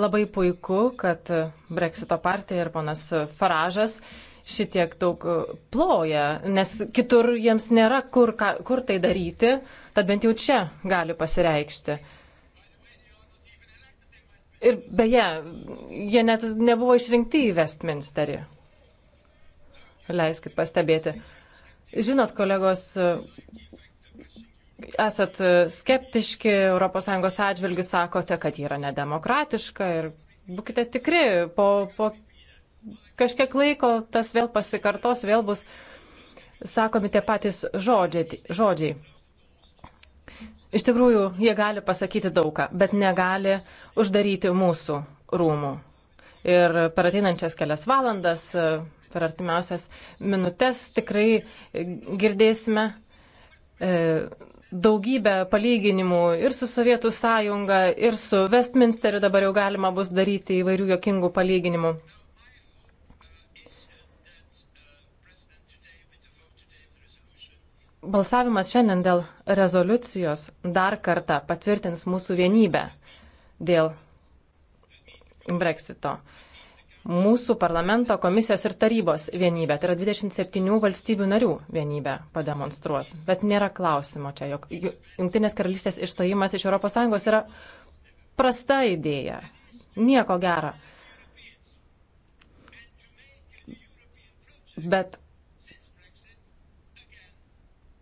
Labai puiku, kad Brexito partija ir ponas Faražas šitiek daug ploja, nes kitur jiems nėra kur, ką, kur tai daryti, tad bent jau čia gali pasireikšti. Ir beje, jie net nebuvo išrinkti į Westminsterį. Leiskit pastebėti. Žinot, kolegos, esat skeptiški ES atžvilgių, sakote, kad ji yra nedemokratiška ir būkite tikri, po, po kažkiek laiko tas vėl pasikartos, vėl bus sakomi tie patys žodžiai. žodžiai. Iš tikrųjų, jie gali pasakyti daugą, bet negali uždaryti mūsų rūmų. Ir per ateinančias kelias valandas, per artimiausias minutės tikrai girdėsime e, daugybę palyginimų ir su Sovietų sąjunga, ir su Westminsteriu dabar jau galima bus daryti įvairių jokingų palyginimų. Balsavimas šiandien dėl rezoliucijos dar kartą patvirtins mūsų vienybę dėl Brexito. Mūsų parlamento komisijos ir tarybos vienybė, tai yra 27 valstybių narių vienybė pademonstruos. Bet nėra klausimo čia, jog Junktinės karalystės išstojimas iš ES yra prasta idėja. Nieko gera. Bet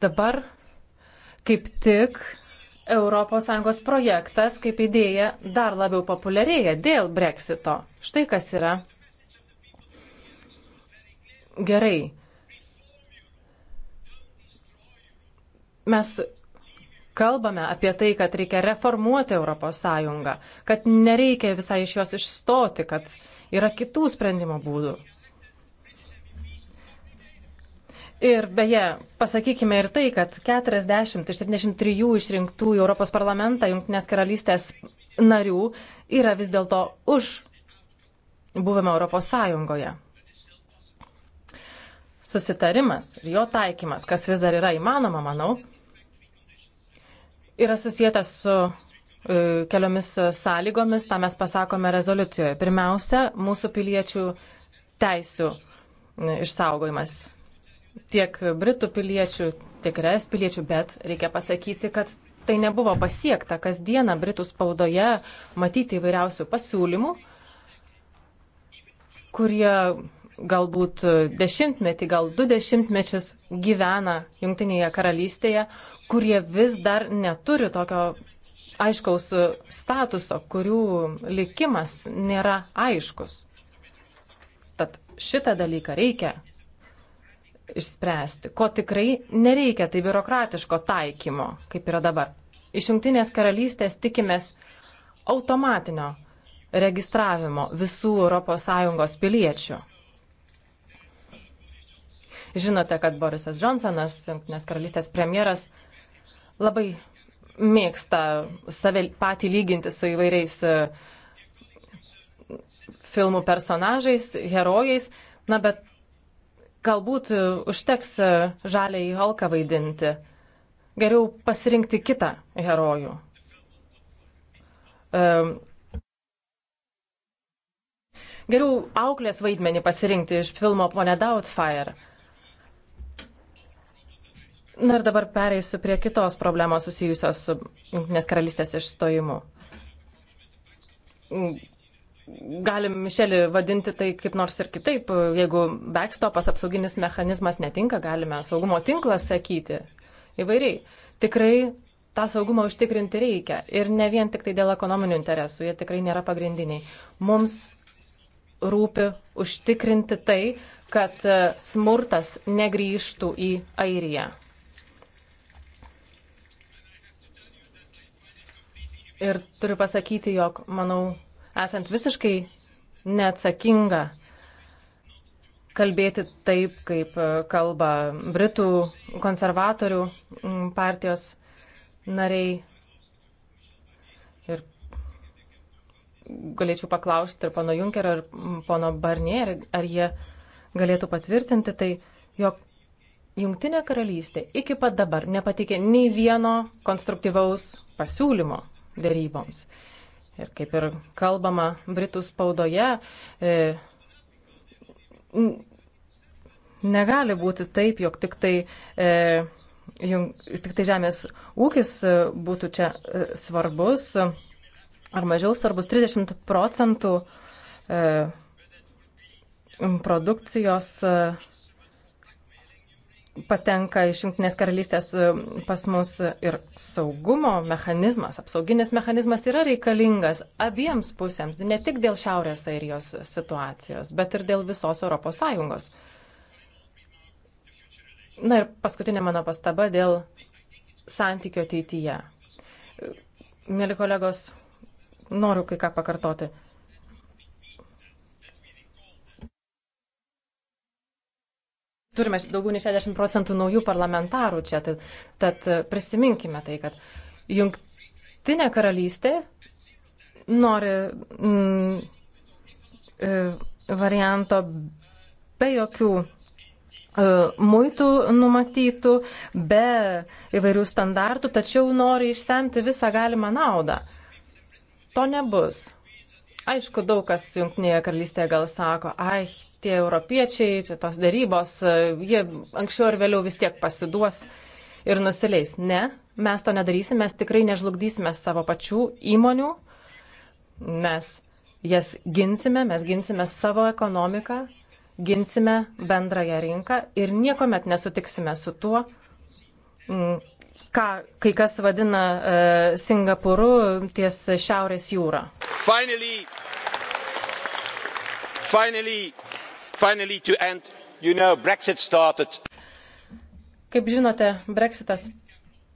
dabar kaip tik ES projektas kaip idėja dar labiau populiarėja dėl breksito. Štai kas yra. Gerai. Mes kalbame apie tai, kad reikia reformuoti ES, kad nereikia visai iš jos išstoti, kad yra kitų sprendimo būdų. Ir beje, pasakykime ir tai, kad 40 iš 73 išrinktų į Europos parlamentą Junktinės karalystės narių yra vis dėlto už buvimą Europos Sąjungoje. Susitarimas ir jo taikymas, kas vis dar yra įmanoma, manau, yra susijęs su e, keliomis sąlygomis, tą mes pasakome rezoliucijoje. Pirmiausia, mūsų piliečių teisų e, išsaugojimas tiek Britų piliečių, tiek RS piliečių, bet reikia pasakyti, kad tai nebuvo pasiekta. Kasdieną Britų spaudoje matyti įvairiausių pasiūlymų, kurie galbūt dešimtmetį, gal du dešimtmečius gyvena Junktinėje karalystėje, kurie vis dar neturi tokio aiškaus statuso, kurių likimas nėra aiškus. Tad šitą dalyką reikia išspręsti, ko tikrai nereikia, tai biurokratiško taikymo, kaip yra dabar. Iš Junktinės karalystės tikimės automatinio registravimo visų ES piliečių. Žinote, kad Borisas Johnsonas, Junktinės karalystės premjeras, labai mėgsta save patį lyginti su įvairiais e, filmų personažais, herojais, na bet Galbūt e, užteks e, žaliai halką vaidinti. Geriau pasirinkti kitą herojų. E, geriau auklės vaidmenį pasirinkti iš filmo Pone Doubtfire. Na ir dabar pereisiu prie kitos problemos susijusios su Junktinės karalystės išstojimu galim Mišelį vadinti tai kaip nors ir kitaip. Jeigu backstopas, apsauginis mechanizmas netinka, galime saugumo tinklas sakyti. Įvairiai. Tikrai tą saugumą užtikrinti reikia. Ir ne vien tik tai dėl ekonominių interesų, jie tikrai nėra pagrindiniai. Mums rūpi užtikrinti tai, kad e, smurtas negryžtų į Airiją. Ir turiu pasakyti, jog manau esant visiškai neatsakinga kalbėti taip, kaip e, kalba Britų konservatorių partijos nariai. Ir galėčiau paklausti ir pono Junkerio, ir pono Barnier, ar jie galėtų patvirtinti tai, jog Jungtinė karalystė iki pat dabar nepatikė nei vieno konstruktyvaus pasiūlymo dėryboms. Ir kaip ir kalbama Britų spaudoje, e, negali būti taip, jog tik tai, e, tik tai žemės ūkis e, būtų čia svarbus ar mažiau svarbus 30 procentų produkcijos patenka iš Junktinės karalystės e, pas mus ir saugumo mechanizmas, apsauginis mechanizmas yra reikalingas abiems pusėms, ne tik dėl Šiaurės Airijos situacijos, bet ir dėl visos ES. Na ir paskutinė mano pastaba dėl santykio ateityje. Mėly kolegos, noriu kai ką pakartoti. turime daugiau nei 60 procentų naujų parlamentarų čia, tad, tad prisiminkime tai, kad jungtinė karalystė nori mm, e, varianto be jokių e, muitų numatytų, be įvairių standartų, tačiau nori išsemti visą galimą naudą. To nebus. Aišku, daug kas Junktinėje karalystėje gal sako, ai, tie europiečiai, čia tos darybos, jie anksčiau ar vėliau vis tiek pasiduos ir nusileis. Ne, mes to nedarysim, mes tikrai nežlugdysime savo pačių įmonių, mes jas ginsime, mes ginsime savo ekonomiką, ginsime bendrąją rinką ir niekuomet nesutiksime su tuo, mm, ką kai kas vadina uh, e, Singapūru ties Šiaurės jūra. Finally, finally, finally to end, you know, Brexit started. Kaip žinote, Brexitas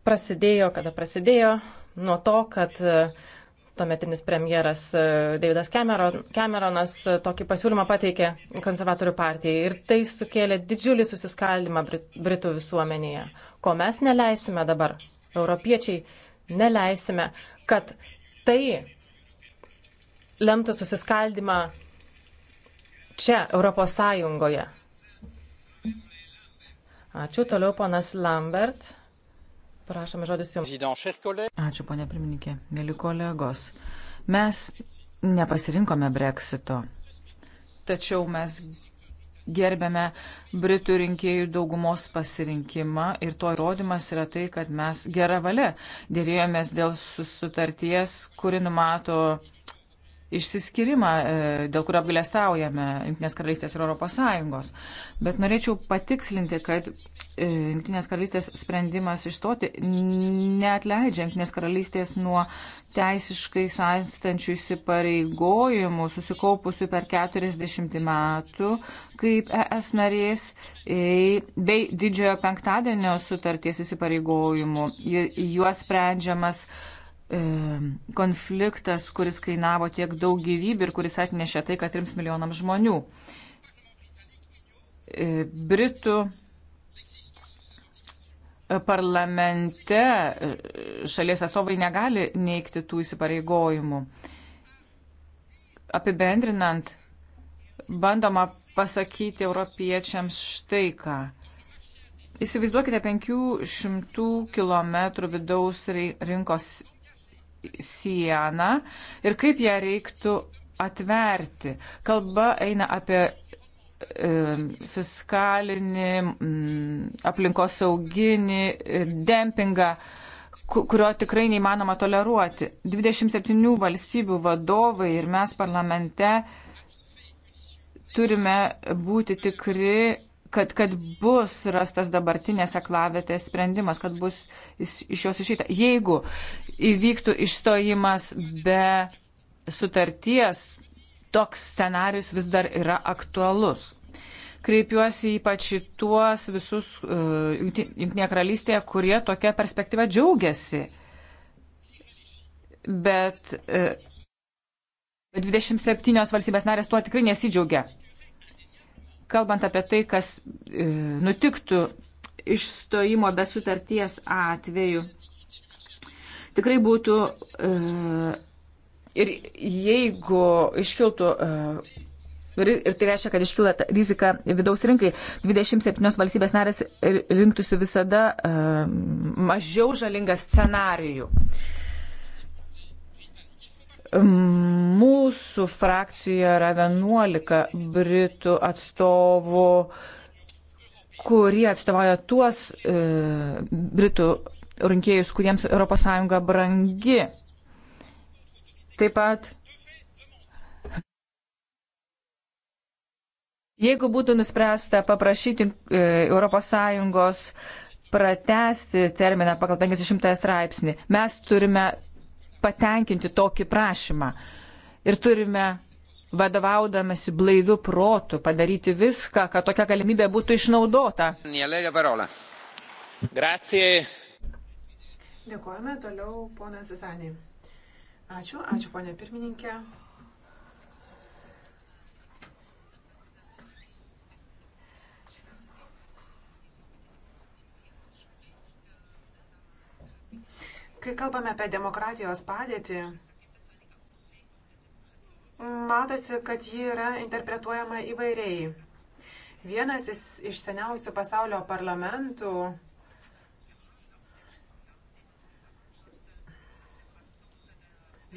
prasidėjo, kada prasidėjo, nuo to, kad uh, tuometinis premjeras e, Davidas Cameron, Cameronas e, tokį pasiūlymą pateikė konservatorių partijai ir tai sukėlė didžiulį susiskaldimą Britų visuomenėje, ko mes neleisime dabar, europiečiai neleisime, kad tai lemtų susiskaldimą čia, Europos Sąjungoje. Ačiū toliau, ponas Lambert. Prašome žodis jums. Ačiū, ponė pirmininkė. Mėly kolegos, mes nepasirinkome breksito, tačiau mes gerbėme Britų rinkėjų daugumos pasirinkimą ir to įrodymas yra tai, kad mes gerą valią dėrėjomės dėl sutarties, kuri numato išsiskirimą, e, dėl kurio apgalėstaujame Junktinės karalystės ir Europos Sąjungos. Bet norėčiau patikslinti, kad e, Junktinės karalystės sprendimas išstoti neatleidžia Junktinės karalystės nuo teisiškai sąstančių įsipareigojimų susikaupusių per 40 metų kaip ES narės bei didžiojo penktadienio sutarties įsipareigojimų. Juos sprendžiamas uh, E, konfliktas, kuris kainavo tiek daug gyvybių ir kuris atnešė tai, kad 3 milijonams žmonių. E, Britų e, parlamente šalies atstovai negali neikti tų įsipareigojimų. Apibendrinant, bandoma pasakyti europiečiams štai ką. Įsivaizduokite 500 km vidaus rinkos sieną ir kaip ją reiktų atverti. Kalba eina apie fiskalinį, mm, aplinkosauginį e, dempingą, kurio tikrai neįmanoma toleruoti. 27 valstybių vadovai ir mes parlamente turime būti tikri, kad, kad bus rastas dabartinės aklavėtės sprendimas, kad bus iš jos išeita. Jeigu įvyktų išstojimas be sutarties, toks scenarius vis dar yra aktualus. Kreipiuosi ypač į tuos visus uh, e, Junktinėje karalystėje, kurie tokia perspektyva džiaugiasi. Bet uh, e, 27 valstybės narės tuo tikrai nesidžiaugia kalbant apie tai, kas e, nutiktų išstojimo be sutarties atveju, tikrai būtų e, ir jeigu iškiltų. E, Ir tai reiškia, kad iškyla rizika vidaus rinkai. 27 valstybės narės rinktųsi visada uh, mažiau žalingą scenarijų. Uh, Mūsų frakcija yra 11 Britų atstovų, kurie atstovauja tuos e, Britų rinkėjus, kuriems ES brangi. Taip pat Jeigu būtų nuspręsta paprašyti ES pratesti terminą pagal 50 straipsnį, mes turime patenkinti tokį prašymą. Ir turime vadovaudamasi blaiviu protu padaryti viską, kad tokia galimybė būtų išnaudota. Dėkojame toliau, ponas Zizanė. Ačiū, ačiū, ponė pirmininkė. Kai kalbame apie demokratijos padėtį, matosi, kad ji yra interpretuojama įvairiai. Vienas iš seniausių pasaulio parlamentų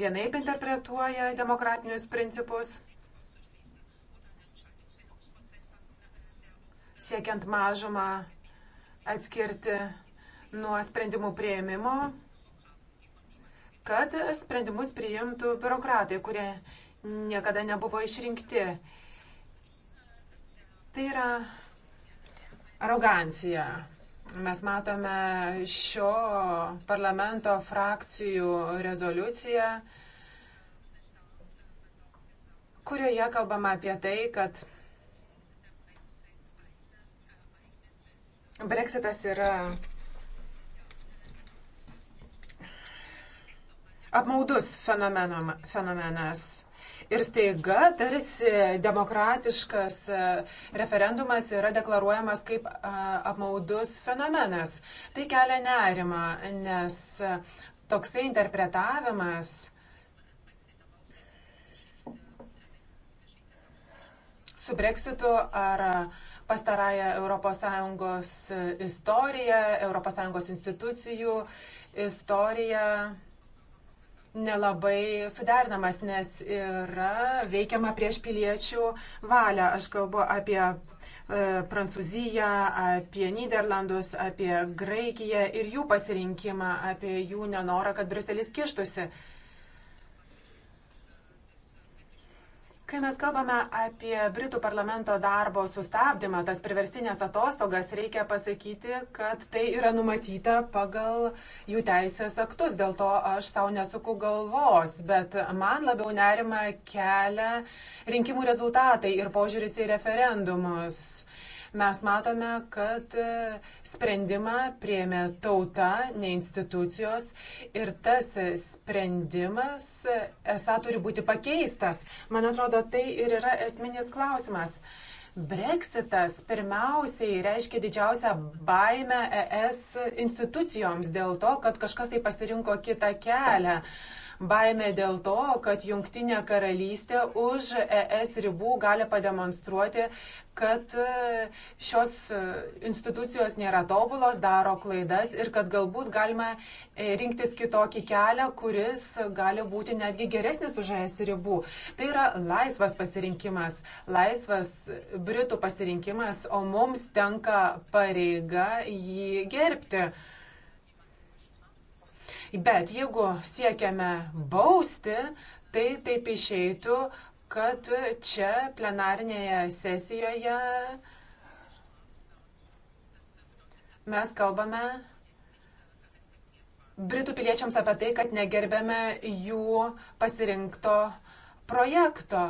vienaip interpretuoja demokratinius principus, siekiant mažumą atskirti nuo sprendimų prieimimo kad sprendimus priimtų biurokratai, kurie niekada nebuvo išrinkti. Tai yra arogancija. Mes matome šio parlamento frakcijų rezoliuciją, kurioje kalbama apie tai, kad Brexitas yra apmaudus fenomenas. Ir staiga tarsi demokratiškas e, referendumas yra deklaruojamas kaip e, apmaudus fenomenas. Tai kelia nerima, nes e, toksai interpretavimas su breksitu ar pastarąją ES istoriją, ES institucijų istoriją nelabai suderinamas, nes yra veikiama prieš piliečių valią. Aš kalbu apie e, Prancūziją, apie Niderlandus, apie Graikiją ir jų pasirinkimą, apie jų nenorą, kad Bruselis kištusi. E, Kai mes kalbame apie Britų parlamento darbo sustabdymą, tas priverstinės atostogas, reikia pasakyti, kad tai yra numatyta pagal jų teisės aktus. Dėl to aš savo nesuku galvos, bet man labiau nerima kelia rinkimų rezultatai ir požiūris į referendumus. Mes matome, kad e, sprendimą priemė tauta, ne institucijos ir tas sprendimas e, esą turi būti pakeistas. Man atrodo, tai ir yra esminis klausimas. Brexitas pirmiausiai reiškia didžiausią baimę ES institucijoms dėl to, kad kažkas tai pasirinko kitą kelią. Uh, baimė dėl to, kad jungtinė karalystė už ES ribų gali pademonstruoti, kad e, šios e, institucijos nėra tobulos, daro klaidas ir kad galbūt galima e, rinktis kitokį kelią, kuris gali būti netgi geresnis už ES ribų. Tai yra laisvas pasirinkimas, laisvas Britų pasirinkimas, o mums tenka pareiga jį gerbti. Bet jeigu siekiame bausti, tai taip išeitų, kad čia plenarinėje sesijoje mes kalbame Britų piliečiams apie tai, kad negerbėme jų pasirinkto projekto.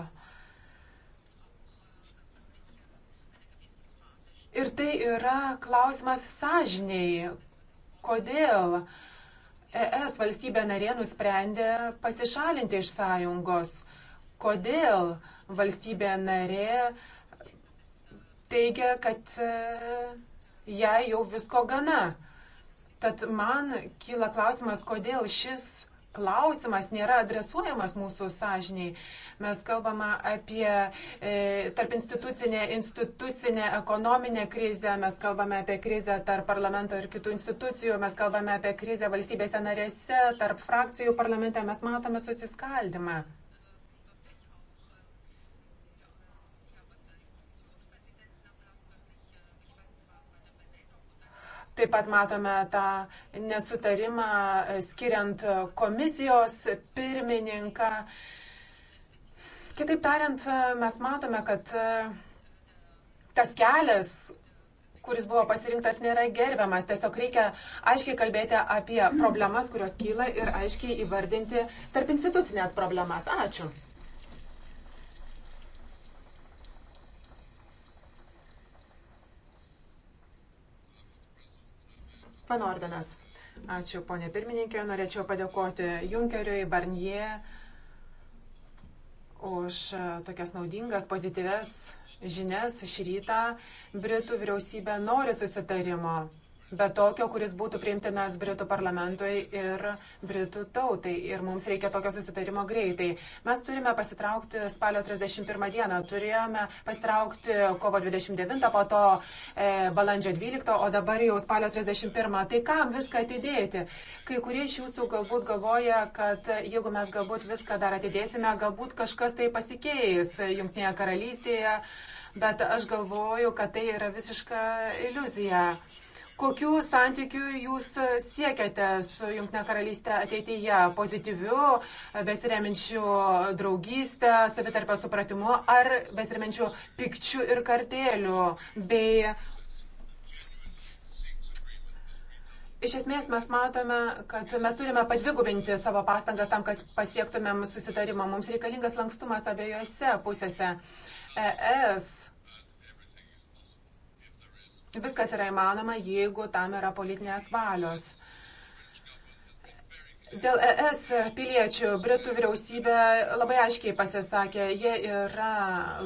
Ir tai yra klausimas sąžiniai. Kodėl? Uh, ES valstybė narė nusprendė pasišalinti iš sąjungos. Kodėl valstybė narė teigia, kad e, jai jau visko gana? Tad man kyla klausimas, kodėl šis klausimas nėra adresuojamas mūsų sąžiniai. Mes kalbame apie e, tarp institucinę, institucinę, ekonominę krizę, mes kalbame apie krizę tarp parlamento ir kitų institucijų, mes kalbame apie krizę valstybėse narėse, tarp frakcijų parlamente, mes matome susiskaldimą. Taip pat matome tą nesutarimą e, skiriant e, komisijos pirmininką. Kitaip tariant, e, mes matome, kad tas kelias, kuris buvo pasirinktas, nėra gerbiamas. Tiesiog reikia aiškiai kalbėti apie problemas, kurios kyla ir aiškiai įvardinti tarp institucinės problemas. Ačiū. Van Ordenas. Ačiū, ponė pirmininkė. Norėčiau padėkoti Junkeriui, Barnier už e, tokias naudingas, pozityves žinias šį rytą. Britų vyriausybė nori susitarimo bet tokio, kuris būtų priimtinas Britų parlamentui ir Britų tautai. Ir mums reikia tokio susitarimo greitai. Mes turime pasitraukti spalio 31 dieną, turėjome pasitraukti kovo 29, po to e, balandžio 12, o dabar jau spalio 31. Tai kam viską atidėti? Kai kurie iš jūsų galbūt galvoja, kad jeigu mes galbūt viską dar atidėsime, galbūt kažkas tai pasikeis Junktinėje karalystėje. Bet aš galvoju, kad tai yra visiška iliuzija. Kokių santykių jūs e, siekiate su Junktinė karalystė ateityje? Pozityviu, besireminčiu draugystę, savitarpio supratimu ar besireminčiu pikčiu ir kartėliu? Bei Iš esmės mes matome, kad mes turime padvigubinti savo pastangas tam, kad pasiektumėm susitarimą. Mums reikalingas lankstumas abiejose pusėse. ES Viskas yra įmanoma, jeigu tam yra politinės valios. Dėl ES piliečių Britų vyriausybė labai aiškiai pasisakė, jie yra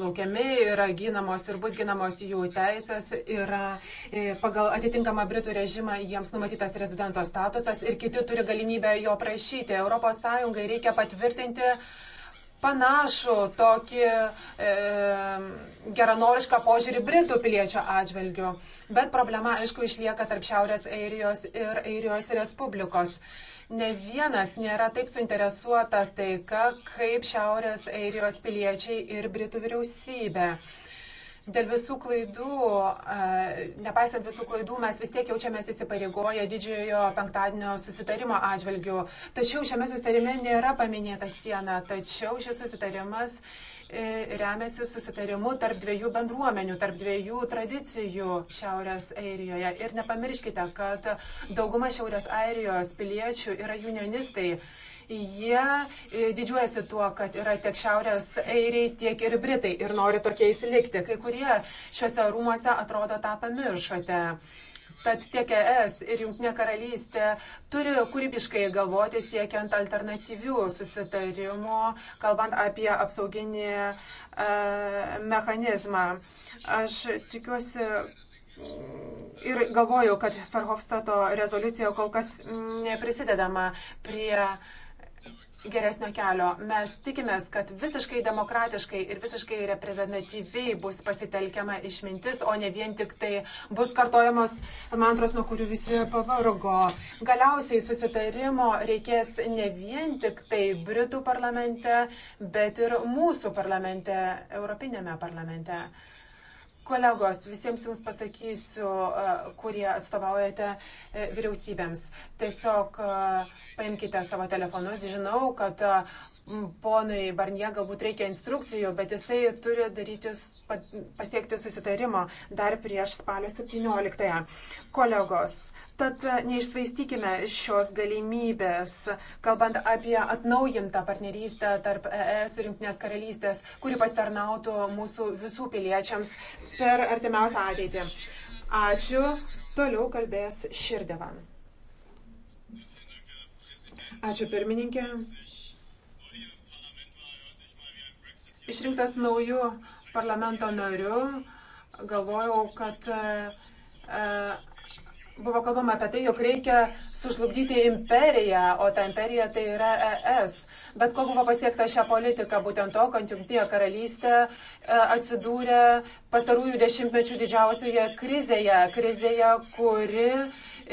laukiami, yra ginamos ir bus ginamos jų teisės, yra e, pagal atitinkamą Britų režimą jiems numatytas rezidento statusas ir kiti turi galimybę jo prašyti. ES reikia patvirtinti panašų tokį e, geranorišką požiūrį Britų piliečio atžvilgiu. Bet problema, aišku, išlieka tarp Šiaurės Airijos ir Airijos Respublikos. Ne vienas nėra taip suinteresuotas taika, kaip Šiaurės Airijos piliečiai ir Britų vyriausybė. E, dėl visų klaidų, nepaisant visų klaidų, mes vis tiek jaučiamės įsipareigoję didžiojo penktadienio susitarimo atžvilgių. Tačiau šiame susitarime nėra paminėta siena, tačiau šis susitarimas e, remiasi susitarimu tarp dviejų bendruomenių, tarp dviejų tradicijų Šiaurės Airijoje. Ir nepamirškite, kad dauguma Šiaurės Airijos piliečių yra unionistai. Jie e, didžiuojasi tuo, kad yra tiek Šiaurės airiai, tiek ir Britai ir nori tokiais likti. Kai kurie šiuose rūmuose atrodo tą pamiršote. Tad tiek ES ir Junktinė karalystė turi kūrybiškai galvoti siekiant alternatyvių susitarimų, kalbant apie apsauginį e, mechanizmą. Aš tikiuosi, ir galvoju, kad Ferhofstato rezoliucija kol kas neprisidedama prie geresnio kelio. Mes tikimės, kad visiškai demokratiškai ir visiškai reprezentatyviai bus pasitelkiama išmintis, o ne vien tik tai bus kartojamos mantros, nuo kurių visi pavargo. Galiausiai susitarimo reikės ne vien tik tai Britų parlamente, bet ir mūsų parlamente, Europinėme parlamente. Kolegos, visiems jums pasakysiu, e, kurie atstovaujate e, vyriausybėms. Tiesiog e, paimkite savo telefonus. Žinau, kad ponui Barnie galbūt reikia instrukcijų, bet jisai turi daryti, pasiekti susitarimo dar prieš spalio 17. -ąją. Kolegos, Tad e, neišsvaistykime šios galimybės, kalbant apie atnaujintą partnerystę tarp ES ir Junktinės karalystės, kuri pasitarnautų mūsų visų piliečiams per artimiausią ateitį. Ačiū. Toliau kalbės Širdevan. Ačiū pirmininkė. Išrinktas naujų parlamento nariu, galvojau, kad e, buvo kalbama apie tai, jog reikia sužlugdyti imperiją, o ta imperija tai yra ES. Bet ko buvo pasiekta šią politiką, būtent to, kad Junktinė karalystė e, atsidūrė pastarųjų dešimtmečių didžiausioje krizėje, krizėje, kuri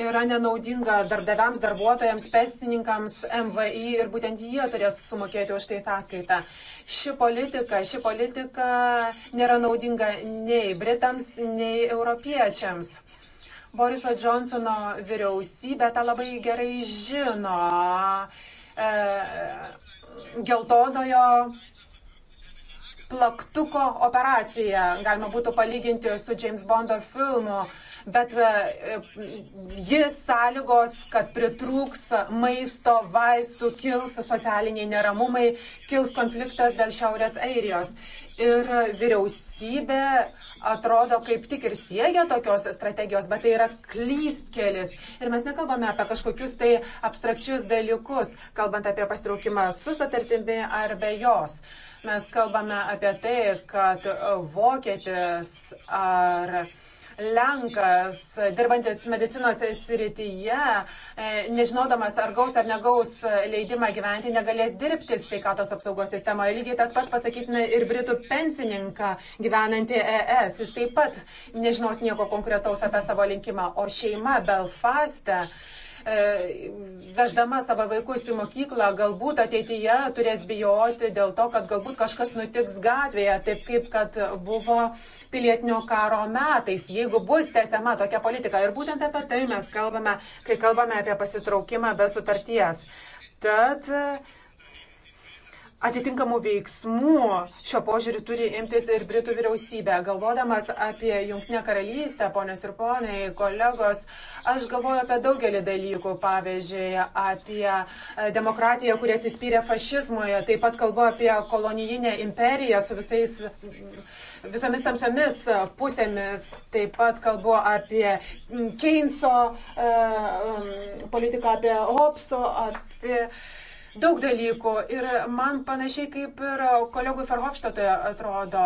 yra nenaudinga darbdaviams, darbuotojams, pesininkams, MVI ir būtent jie turės sumokėti už tai sąskaitą. Ši politika, ši politika nėra naudinga nei Britams, nei europiečiams. Boriso Johnsono vyriausybė tą labai gerai žino. E, geltonojo plaktuko operacija galima būtų palyginti su James Bondo filmu, bet e, jis sąlygos, kad pritrūks maisto, vaistų, kils socialiniai neramumai, kils konfliktas dėl Šiaurės Airijos. Ir vyriausybė atrodo kaip tik ir sieja tokios strategijos, bet tai yra klystkelis. Ir mes nekalbame apie kažkokius tai abstrakčius dalykus, kalbant apie pasitraukimą su sutartimi ar be jos. Mes kalbame apie tai, kad vokietis ar lenkas, dirbantis medicinos srityje, E, nežinodamas ar gaus ar negaus e, leidimą gyventi, negalės dirbti sveikatos apsaugos sistemoje. Lygiai tas pats pasakytina ir Britų pensininką gyvenantį ES. Jis taip pat nežinos nieko konkretaus apie savo linkimą. O šeima Belfaste. E, veždama savo vaikus į mokyklą, galbūt ateityje turės bijoti dėl to, kad galbūt kažkas nutiks gatvėje, taip kaip kad buvo pilietinio karo metais, jeigu bus tęsiama tokia politika. Ir būtent apie tai mes kalbame, kai kalbame apie pasitraukimą be sutarties. Tad uh, Atitinkamų veiksmų šio požiūrį turi imtis ir Britų vyriausybė. Galvodamas apie Junktinę karalystę, ponios ir ponai, kolegos, aš galvoju apie daugelį dalykų. Pavyzdžiui, apie e, demokratiją, kuri atsispyrė fašizmoje. Taip pat kalbu apie kolonijinę imperiją su visais, visomis tamsiomis pusėmis. Taip pat kalbu apie Keyneso e, politiką, apie Hobso, apie. Uh, daug dalykų ir man panašiai kaip ir kolegų Ferhofštatoje atrodo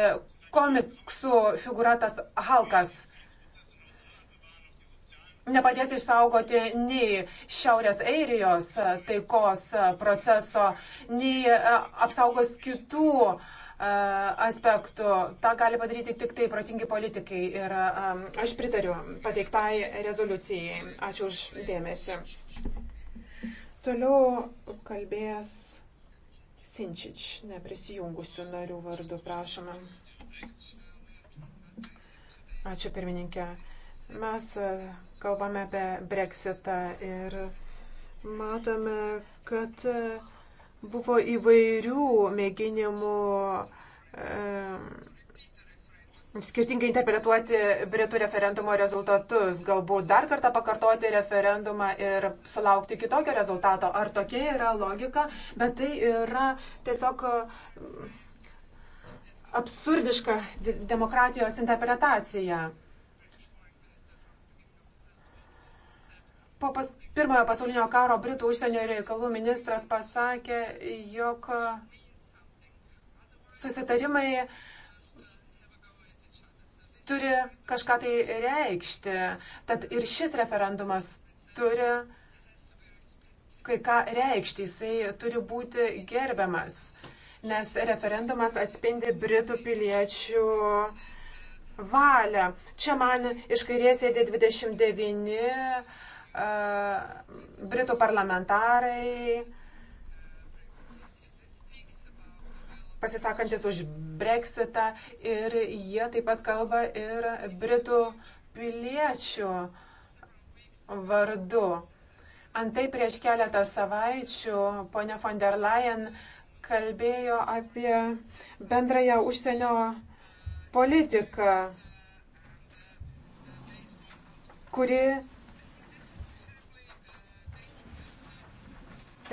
e, komiksų figuratas Halkas nepadės išsaugoti nei Šiaurės Airijos taikos proceso, nei e, apsaugos kitų e, aspektų. Ta gali padaryti tik tai protingi politikai. Ir aš pritariu pateiktai rezoliucijai. Ačiū už dėmesį. Toliau kalbės Sinčič, neprisijungusių narių vardu, prašome. Ačiū pirmininkė. Mes e, kalbame apie breksitą ir matome, kad e, buvo įvairių mėginimų e, skirtingai interpretuoti Britų referendumo rezultatus, galbūt dar kartą pakartoti referendumą ir sulaukti kitokio rezultato. Ar tokia yra logika, bet tai yra tiesiog mm, absurdiška demokratijos interpretacija. Po pas, pirmojo pasaulinio karo Britų užsienio reikalų ministras pasakė, jog susitarimai turi kažką tai reikšti. Tad ir šis referendumas turi kai ką reikšti, jisai turi būti gerbiamas, nes referendumas atspindi Britų piliečių valią. Čia man iš kairės sėdė 29 uh, Britų parlamentarai, uh, pasisakantis už Brexitą ir jie taip pat kalba ir Britų piliečių vardu. Antai prieš keletą savaičių ponia von der Leyen kalbėjo apie bendrąją užsienio politiką, kuri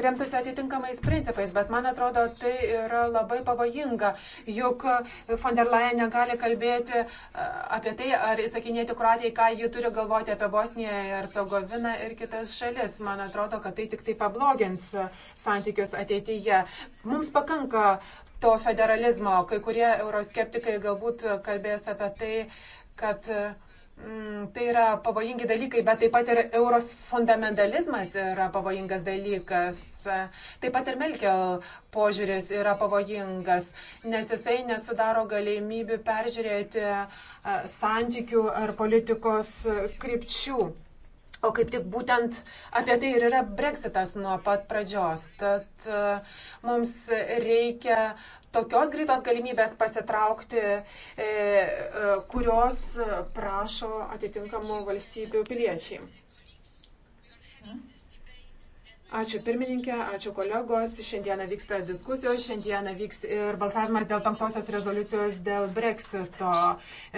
remtasi atitinkamais principais, bet man atrodo, tai yra labai pavojinga, juk von der Leyen negali kalbėti apie tai, ar įsakinėti Kroatijai, ką ji turi galvoti apie Bosniją ir Cogoviną ir kitas šalis. Man atrodo, kad tai tik tai pablogins santykius ateityje. Mums pakanka to federalizmo, kai kurie euroskeptikai galbūt kalbės apie tai, kad uh, Mm, tai yra pavojingi dalykai, bet taip pat ir eurofundamentalizmas yra pavojingas dalykas. Taip pat ir Melkel požiūris yra pavojingas, nes jisai nesudaro galimybių peržiūrėti santykių ar politikos krypčių. O kaip tik būtent apie tai ir yra breksitas nuo pat pradžios. Tad mums reikia tokios greitos galimybės pasitraukti, e, e, kurios e, prašo atitinkamų valstybių piliečiai. Ačiū pirmininkė, ačiū kolegos. Šiandieną vyksta diskusijos, šiandieną vyks ir balsavimas dėl penktosios rezoliucijos dėl breksito.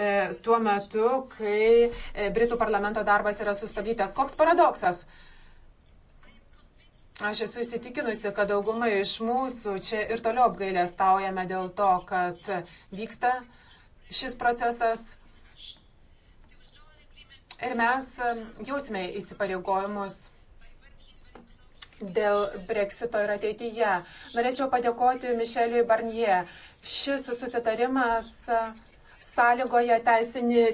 E, tuo metu, kai Britų parlamento darbas yra sustabdytas. Koks paradoksas? E, Aš esu įsitikinusi, kad dauguma iš mūsų čia ir toliau apgailę staujame dėl to, kad vyksta šis procesas. Ir mes jausime įsipareigojimus dėl breksito ir ateityje. Norėčiau padėkoti Mišeliui Barnie. Šis susitarimas sąlygoja teisinį